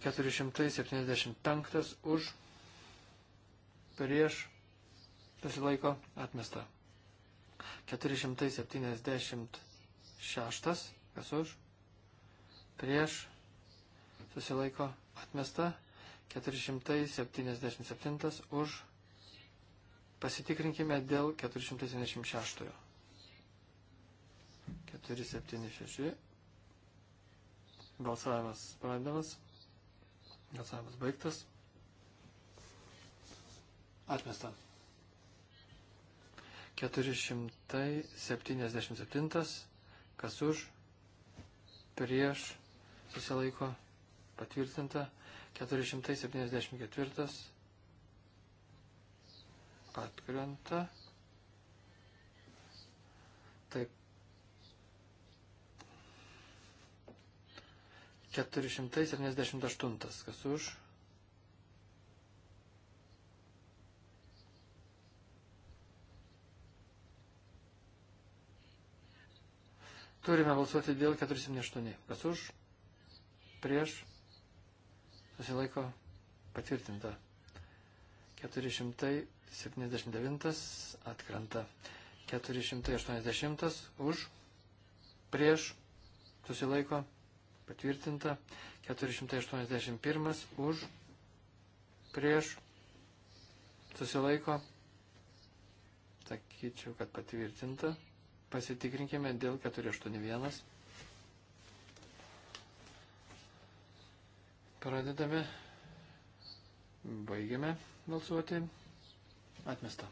475 už. Prieš. Susilaiko. Atmesta. 476. Kas už? Prieš. Susilaiko. Atmesta. 477 už. Pasitikrinkime dėl 476. 476. Balsavimas pradedamas. Balsavimas baigtas. Atmesta. 477. Kas už? Prieš. Susilaiko. Patvirtinta. 474 atkrenta. Taip. 478 kas už. Turime balsuoti dėl 478. Kas už? Prieš? susilaiko patvirtinta. 479 atkrenta. 480 už, prieš, susilaiko, patvirtinta. 481 už, prieš, susilaiko, sakyčiau, kad patvirtinta. Pasitikrinkime dėl 481. Pradedame. Baigiame balsuoti. Atmesta.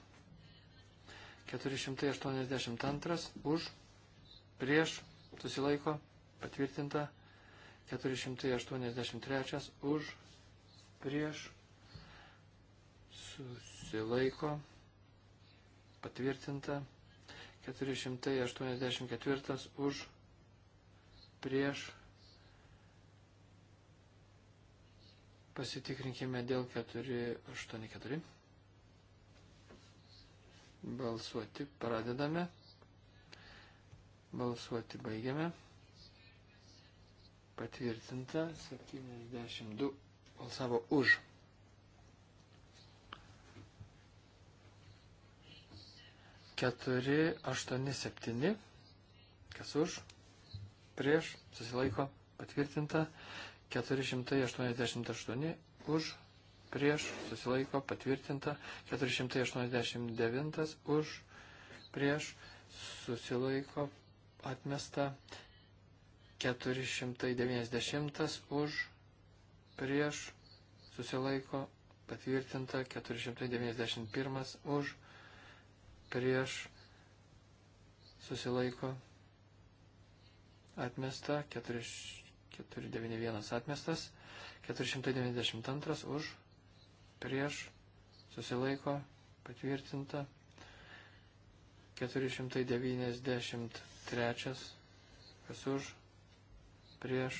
482 už, prieš, susilaiko, patvirtinta. 483 už, prieš, susilaiko, patvirtinta. 484 už, prieš, Pasitikrinkime dėl 484. Balsuoti pradedame. Balsuoti baigiame. Patvirtinta 72 balsavo už. Keturi, aštuoni, septyni. Kas už? Prieš. Susilaiko. Patvirtinta. 488 už, prieš, susilaiko, patvirtinta. 489 už, prieš, susilaiko, atmesta. 490 už, prieš, susilaiko, patvirtinta. 491 už, prieš, susilaiko, atmesta. 4 491 atmestas, 492 už, prieš, susilaiko, patvirtinta, 493 kas už, prieš,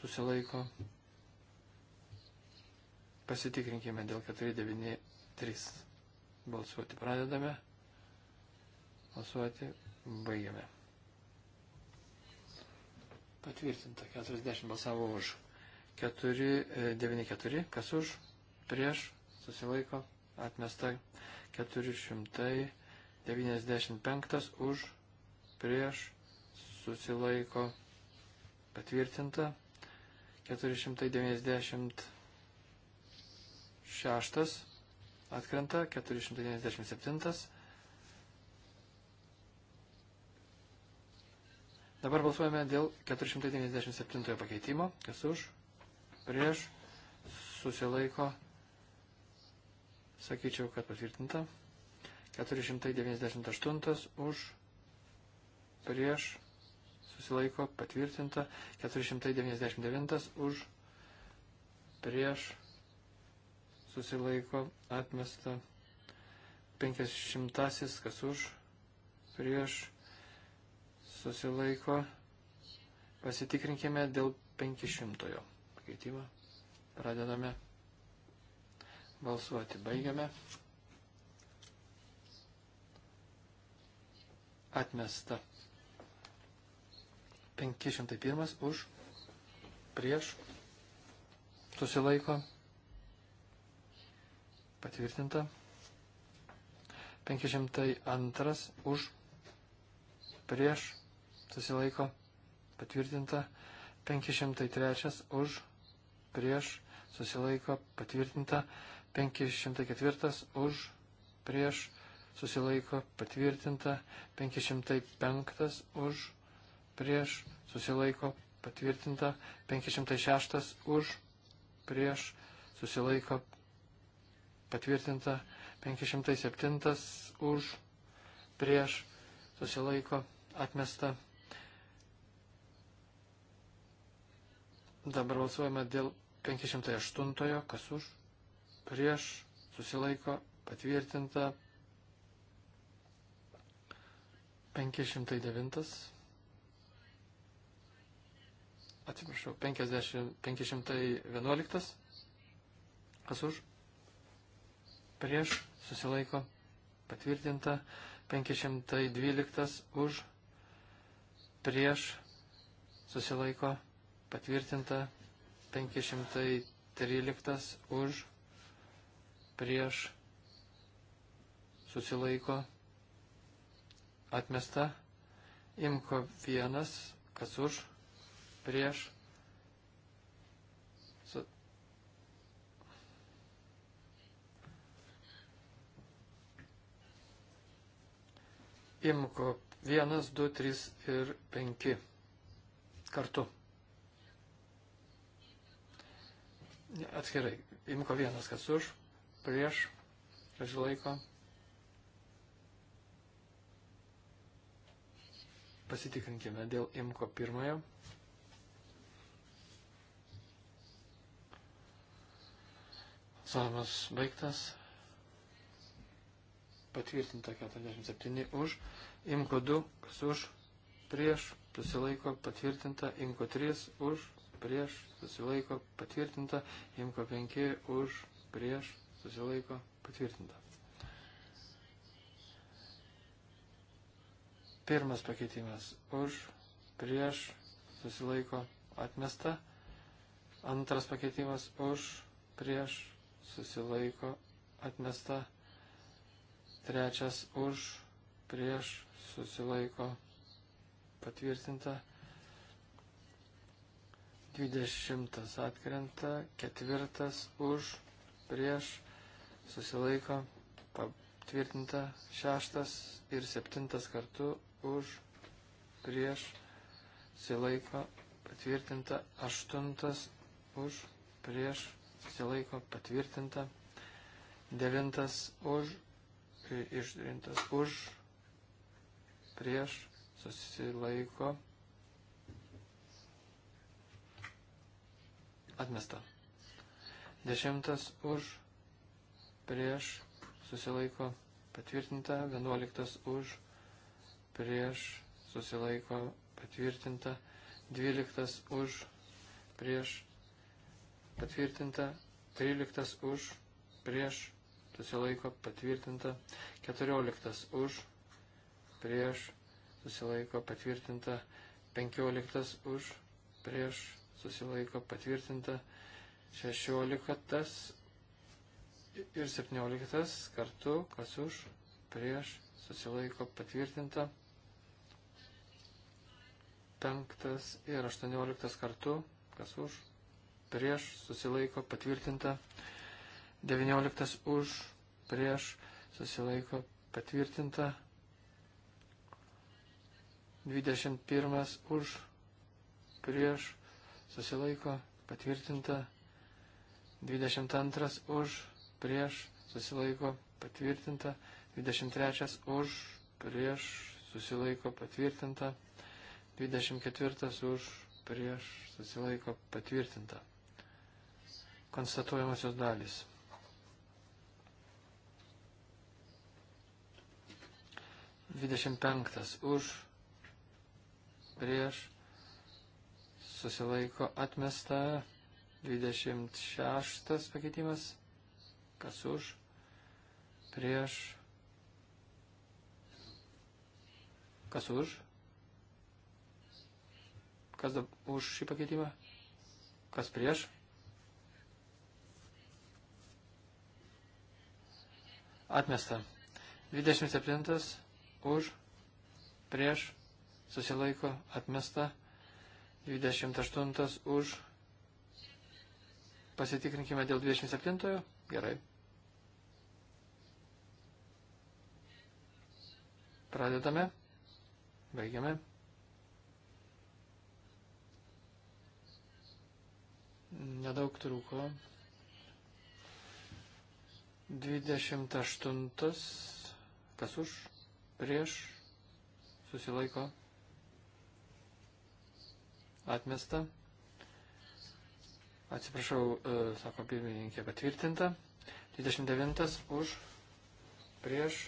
susilaiko. Pasitikrinkime dėl 493. Balsuoti pradedame. Balsuoti baigiame. Patvirtinta 40 balsavo už. 4, 9, 4, kas už, prieš, susilaiko, atmesta 495, už, prieš, susilaiko, patvirtinta 496, atkrenta 497 Dabar balsuojame dėl 497 pakeitimo. Kas už? Prieš? Susilaiko? Sakyčiau, kad patvirtinta. 498 už? Prieš? Susilaiko? Patvirtinta. 499 už? Prieš? Susilaiko? Atmesta. 500 kas už? Prieš? susilaiko. Pasitikrinkime dėl 500 pakeitimą. Pradedame balsuoti. Baigiame. Atmesta. 501 už, prieš, susilaiko, patvirtinta. 502 už, prieš, susilaiko patvirtinta. 503 už, prieš, susilaiko patvirtinta. 504 už, prieš, susilaiko patvirtinta. 505 už, prieš, susilaiko patvirtinta. 506 už, prieš, susilaiko patvirtinta. 507 už, prieš, susilaiko atmesta. Dabar balsuojame dėl 508, kas už, prieš, susilaiko, patvirtinta. 509. Atsiprašau, 50, 511. Kas už? Prieš susilaiko. Patvirtinta. 512 už. Prieš susilaiko patvirtinta 513 už prieš susilaiko atmesta imko vienas kas už prieš su, imko vienas du trys ir penki kartu Atskirai. Imko vienas, kas už, prieš, kas laiko. Pasitikrinkime dėl imko pirmojo. Salmas baigtas. Patvirtinta 47 už. Imko 2, kas už, prieš, prisilaiko, patvirtinta. Imko 3 už, prieš, susilaiko, patvirtinta. Imko 5 už, prieš, susilaiko, patvirtinta. Pirmas pakeitimas už, prieš, susilaiko, atmesta. Antras pakeitimas už, prieš, susilaiko, atmesta. Trečias už, prieš, susilaiko, patvirtinta. Dvidešimtas atkrenta, ketvirtas už, prieš, susilaiko, patvirtinta, šeštas ir septintas kartu už, prieš, susilaiko, patvirtinta, aštuntas už, prieš, susilaiko, patvirtinta, devintas už, išdrintas už, prieš, susilaiko, patvirtinta atmesta. Dešimtas už, prieš, susilaiko, patvirtinta. Vienuoliktas už, prieš, susilaiko, patvirtinta. Dvyliktas už, prieš, patvirtinta. Tryliktas už, prieš, susilaiko, patvirtinta. Keturioliktas už, prieš, susilaiko, patvirtinta. Penkioliktas už, prieš, susilaiko patvirtinta 16 ir 17 kartu, kas už, prieš, susilaiko patvirtinta 5 ir 18 kartu, kas už, prieš, susilaiko patvirtinta 19 už, prieš, susilaiko patvirtinta 21 už, prieš, susilaiko, patvirtinta. 22 už, prieš, susilaiko, patvirtinta. 23 už, prieš, susilaiko, patvirtinta. 24 už, prieš, susilaiko, patvirtinta. Konstatuojamosios dalys. Dvidešimt penktas už, prieš, susilaiko atmesta. 26 pakeitimas. Kas už? Prieš. Kas už? Kas da, už šį pakeitimą? Kas prieš? Atmesta. 27 už, prieš, susilaiko, atmesta. 28 už. Pasitikrinkime dėl 27. Gerai. Pradedame. Baigiame. Nedaug trūko. 28. Kas už? Prieš? Susilaiko atmesta. Atsiprašau, e, sako pirmininkė, patvirtinta. 29 už, prieš,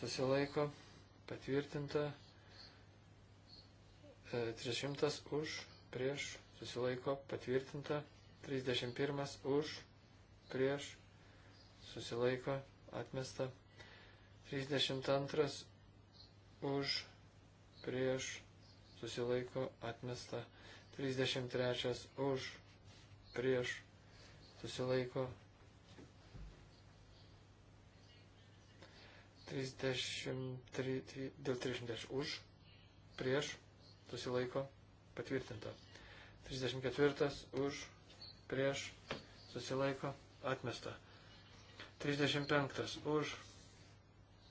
susilaiko, patvirtinta. 30 e, už, prieš, susilaiko, patvirtinta. 31 už, prieš, susilaiko, atmesta. 32 už, prieš, susilaiko atmesta. 33 už, prieš, susilaiko. 33, dėl 30 už, prieš, susilaiko, patvirtinta. 34 už, prieš, susilaiko, atmesta. 35 už,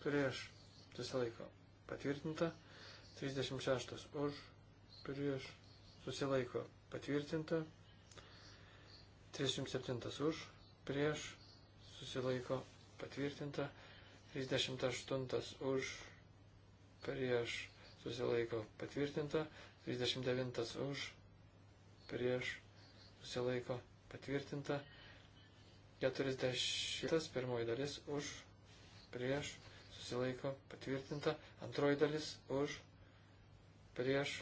prieš, susilaiko, patvirtinta. 36 už, prieš, susilaiko patvirtinta. 37 už, prieš, susilaiko patvirtinta. 38 už, prieš, susilaiko patvirtinta. 39 už, prieš, susilaiko patvirtinta. 40 pirmoji dalis už, prieš, susilaiko patvirtinta. Antroji dalis už, prieš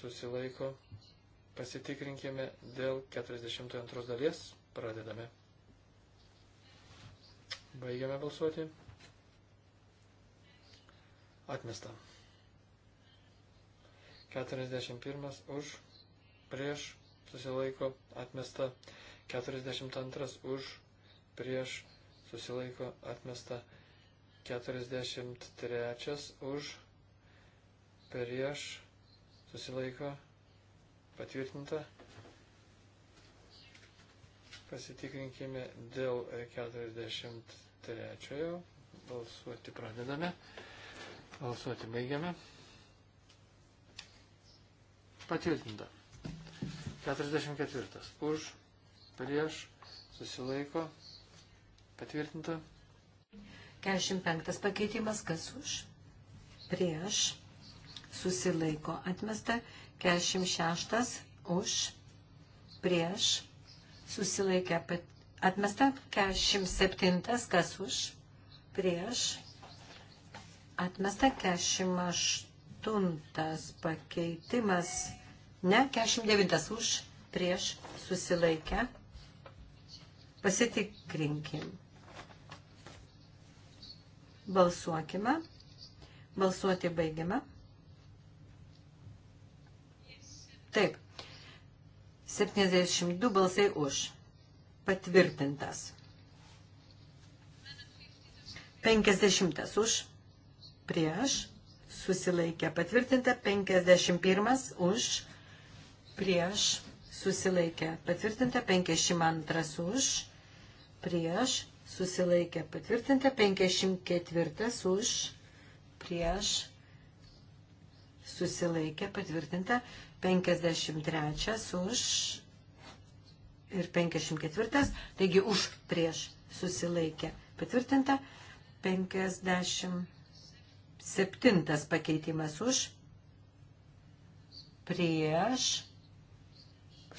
susilaiko. Pasitikrinkime dėl 42 dalies. Pradedame. Baigiame balsuoti. Atmesta. 41 už, prieš, susilaiko, atmesta. 42 už, prieš, susilaiko, atmesta. 43 už, prieš, susilaiko, patvirtinta. Pasitikrinkime dėl 43. Balsuoti pradedame. Balsuoti baigiame. Patvirtinta. 44. Už, prieš, susilaiko, patvirtinta. 45 pakeitimas, kas už, prieš, susilaiko atmesta, 46 už, prieš, susilaikė atmesta, 47 kas už, prieš, atmesta, 48 pakeitimas, ne, 49 už, prieš, susilaikė. Pasitikrinkim. Balsuokime. Balsuoti baigiame. Taip. 72 balsai už. Patvirtintas. 50 už. Prieš. Susilaikė. Patvirtinta. 51 už. Prieš. Susilaikė. Patvirtinta. 52 už. Prieš. Susilaikė. Patvirtinta. 54 už. Prieš. Susilaikė. Patvirtinta. 53 už ir 54, taigi už prieš susilaikė patvirtinta, 57 pakeitimas už prieš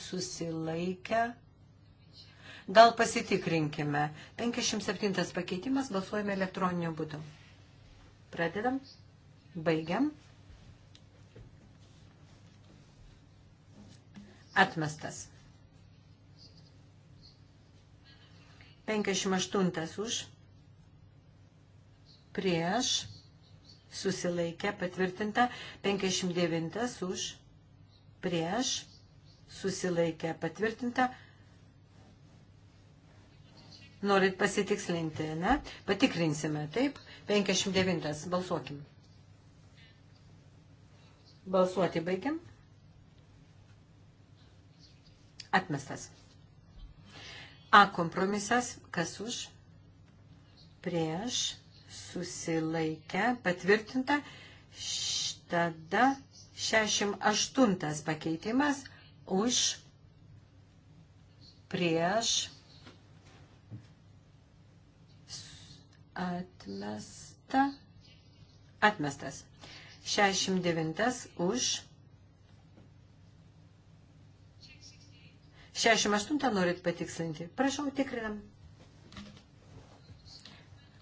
susilaikę. Gal pasitikrinkime. 57 pakeitimas balsuojame elektroniniu būdu. Pradedam. Baigiam. Atmestas. 58 už. Prieš. Susilaikė. Patvirtinta. 59 už. Prieš. Susilaikė. Patvirtinta. Norit pasitikslinti, ne? Patikrinsime, taip? 59. Balsuokim. Balsuoti baigiam. Atmestas. A kompromisas, kas už, prieš, susilaikę, patvirtinta, tada 68 pakeitimas už, prieš, atmesta, atmestas. 69 už, 68 norit patikslinti. Prašau, tikrinam.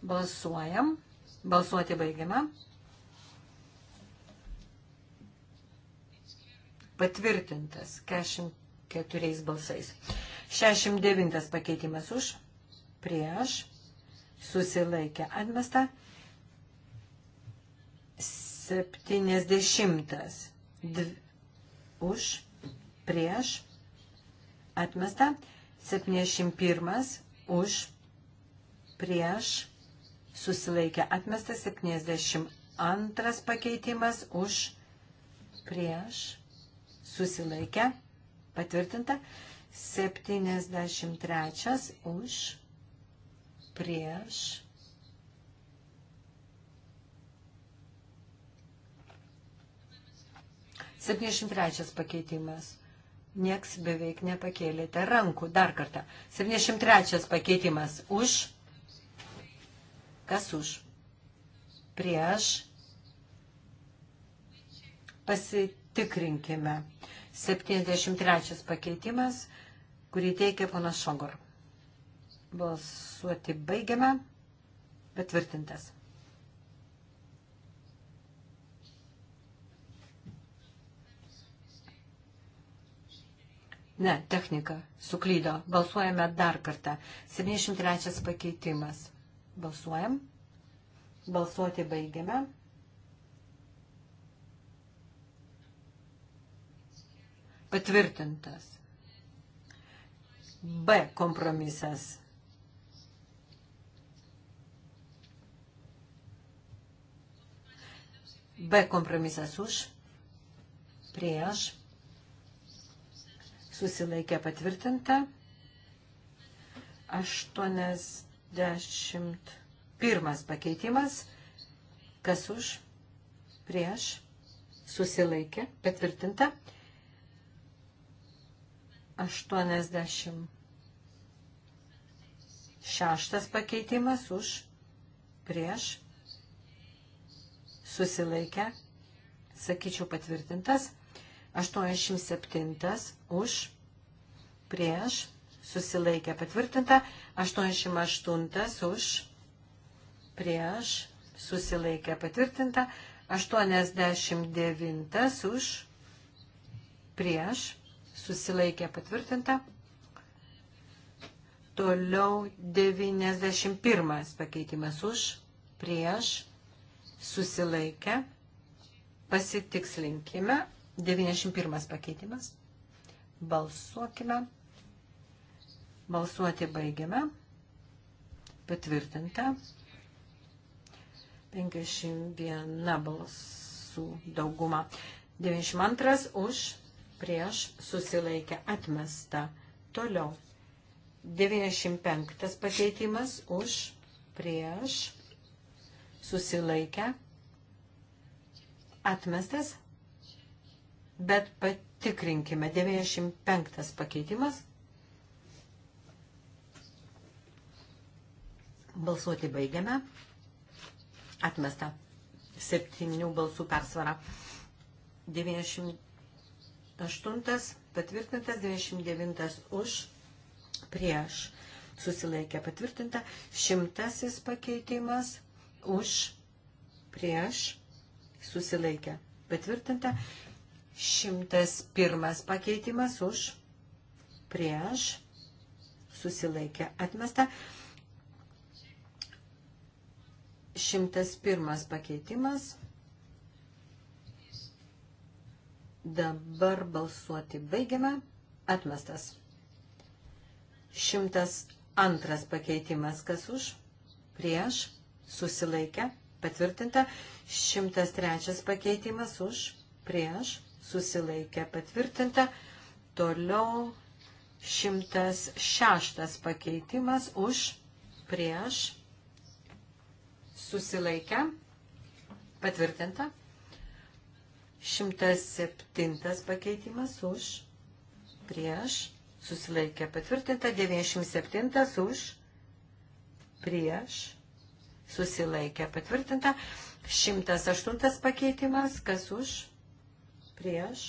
Balsuojam. Balsuoti baigiame. Patvirtintas 44 balsais. 69 pakeitimas už, prieš, susilaikė atmesta. 70 dv, už, prieš, atmesta, 71 už, prieš, susilaikė atmesta, 72 pakeitimas už, prieš, susilaikė, patvirtinta, 73 už, prieš, Septyniasdešimt trečias pakeitimas nieks beveik nepakėlėte rankų. Dar kartą. 73 pakeitimas. Už. Kas už? Prieš. Pasitikrinkime. 73 pakeitimas, kurį teikia ponas Šogor. Balsuoti baigiame. Patvirtintas. Ne, technika suklydo. Balsuojame dar kartą. 73 pakeitimas. Balsuojam. Balsuoti baigiame. Patvirtintas. B kompromisas. B kompromisas už, prieš, susilaikė patvirtinta. 81 pakeitimas, kas už, prieš, susilaikė patvirtinta. 86 pakeitimas už, prieš, susilaikė, sakyčiau, patvirtintas. 87 už, prieš, susilaikė patvirtinta, 88 už, prieš, susilaikė patvirtinta, 89 už, prieš, susilaikė patvirtinta. Toliau 91 pakeitimas už, prieš, susilaikę, pasitikslinkime, 91 pakeitimas. Balsuokime. Balsuoti baigiame. Patvirtinta. 51 balsų dauguma. 92 už, prieš, susilaikę, atmesta. Toliau. 95 pakeitimas už, prieš, susilaikę, atmestas bet patikrinkime. 95 pakeitimas. Balsuoti baigiame. Atmesta. Septynių balsų persvara. 98 patvirtintas, 99 už, prieš susilaikė patvirtinta. Šimtasis pakeitimas už, prieš susilaikė patvirtinta. 101 pakeitimas už prieš susilaikė atmesta. 101 pakeitimas. Dabar balsuoti baigiame. Atmestas. 102 pakeitimas. Kas už? Prieš. Susilaikę. Patvirtinta. 103 pakeitimas už. Prieš susilaikė patvirtinta. Toliau 106 pakeitimas už prieš susilaikę patvirtinta. 107 pakeitimas už prieš susilaikę patvirtinta. 97 už prieš susilaikę patvirtinta. 108 pakeitimas kas už prieš prieš,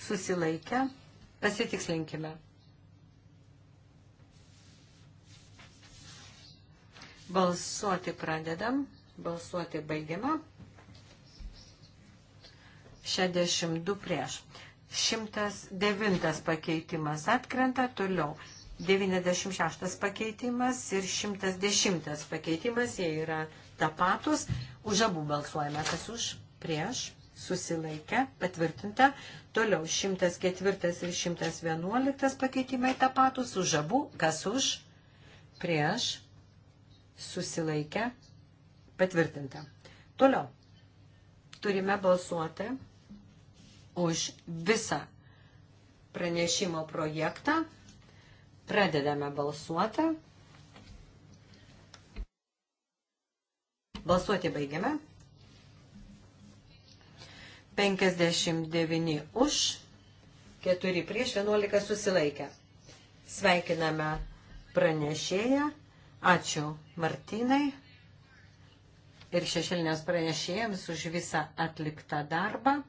susilaikę, pasitikslinkime. Balsuoti pradedam, balsuoti baigiama. 62 prieš. 109 pakeitimas atkrenta toliau. 96 pakeitimas ir 110 pakeitimas, jie yra tapatus. Už abu balsuojame, kas už prieš, susilaikę, patvirtinta. Toliau 104 ir 111 pakeitimai tapatus už abu, kas už, prieš, susilaikę, patvirtinta. Toliau turime balsuoti už visą pranešimo projektą. Pradedame balsuoti. Balsuoti baigiame. 59 už, 4 prieš, 11 susilaikę. Sveikiname pranešėją. Ačiū Martinai ir šešėlinės pranešėjams už visą atliktą darbą.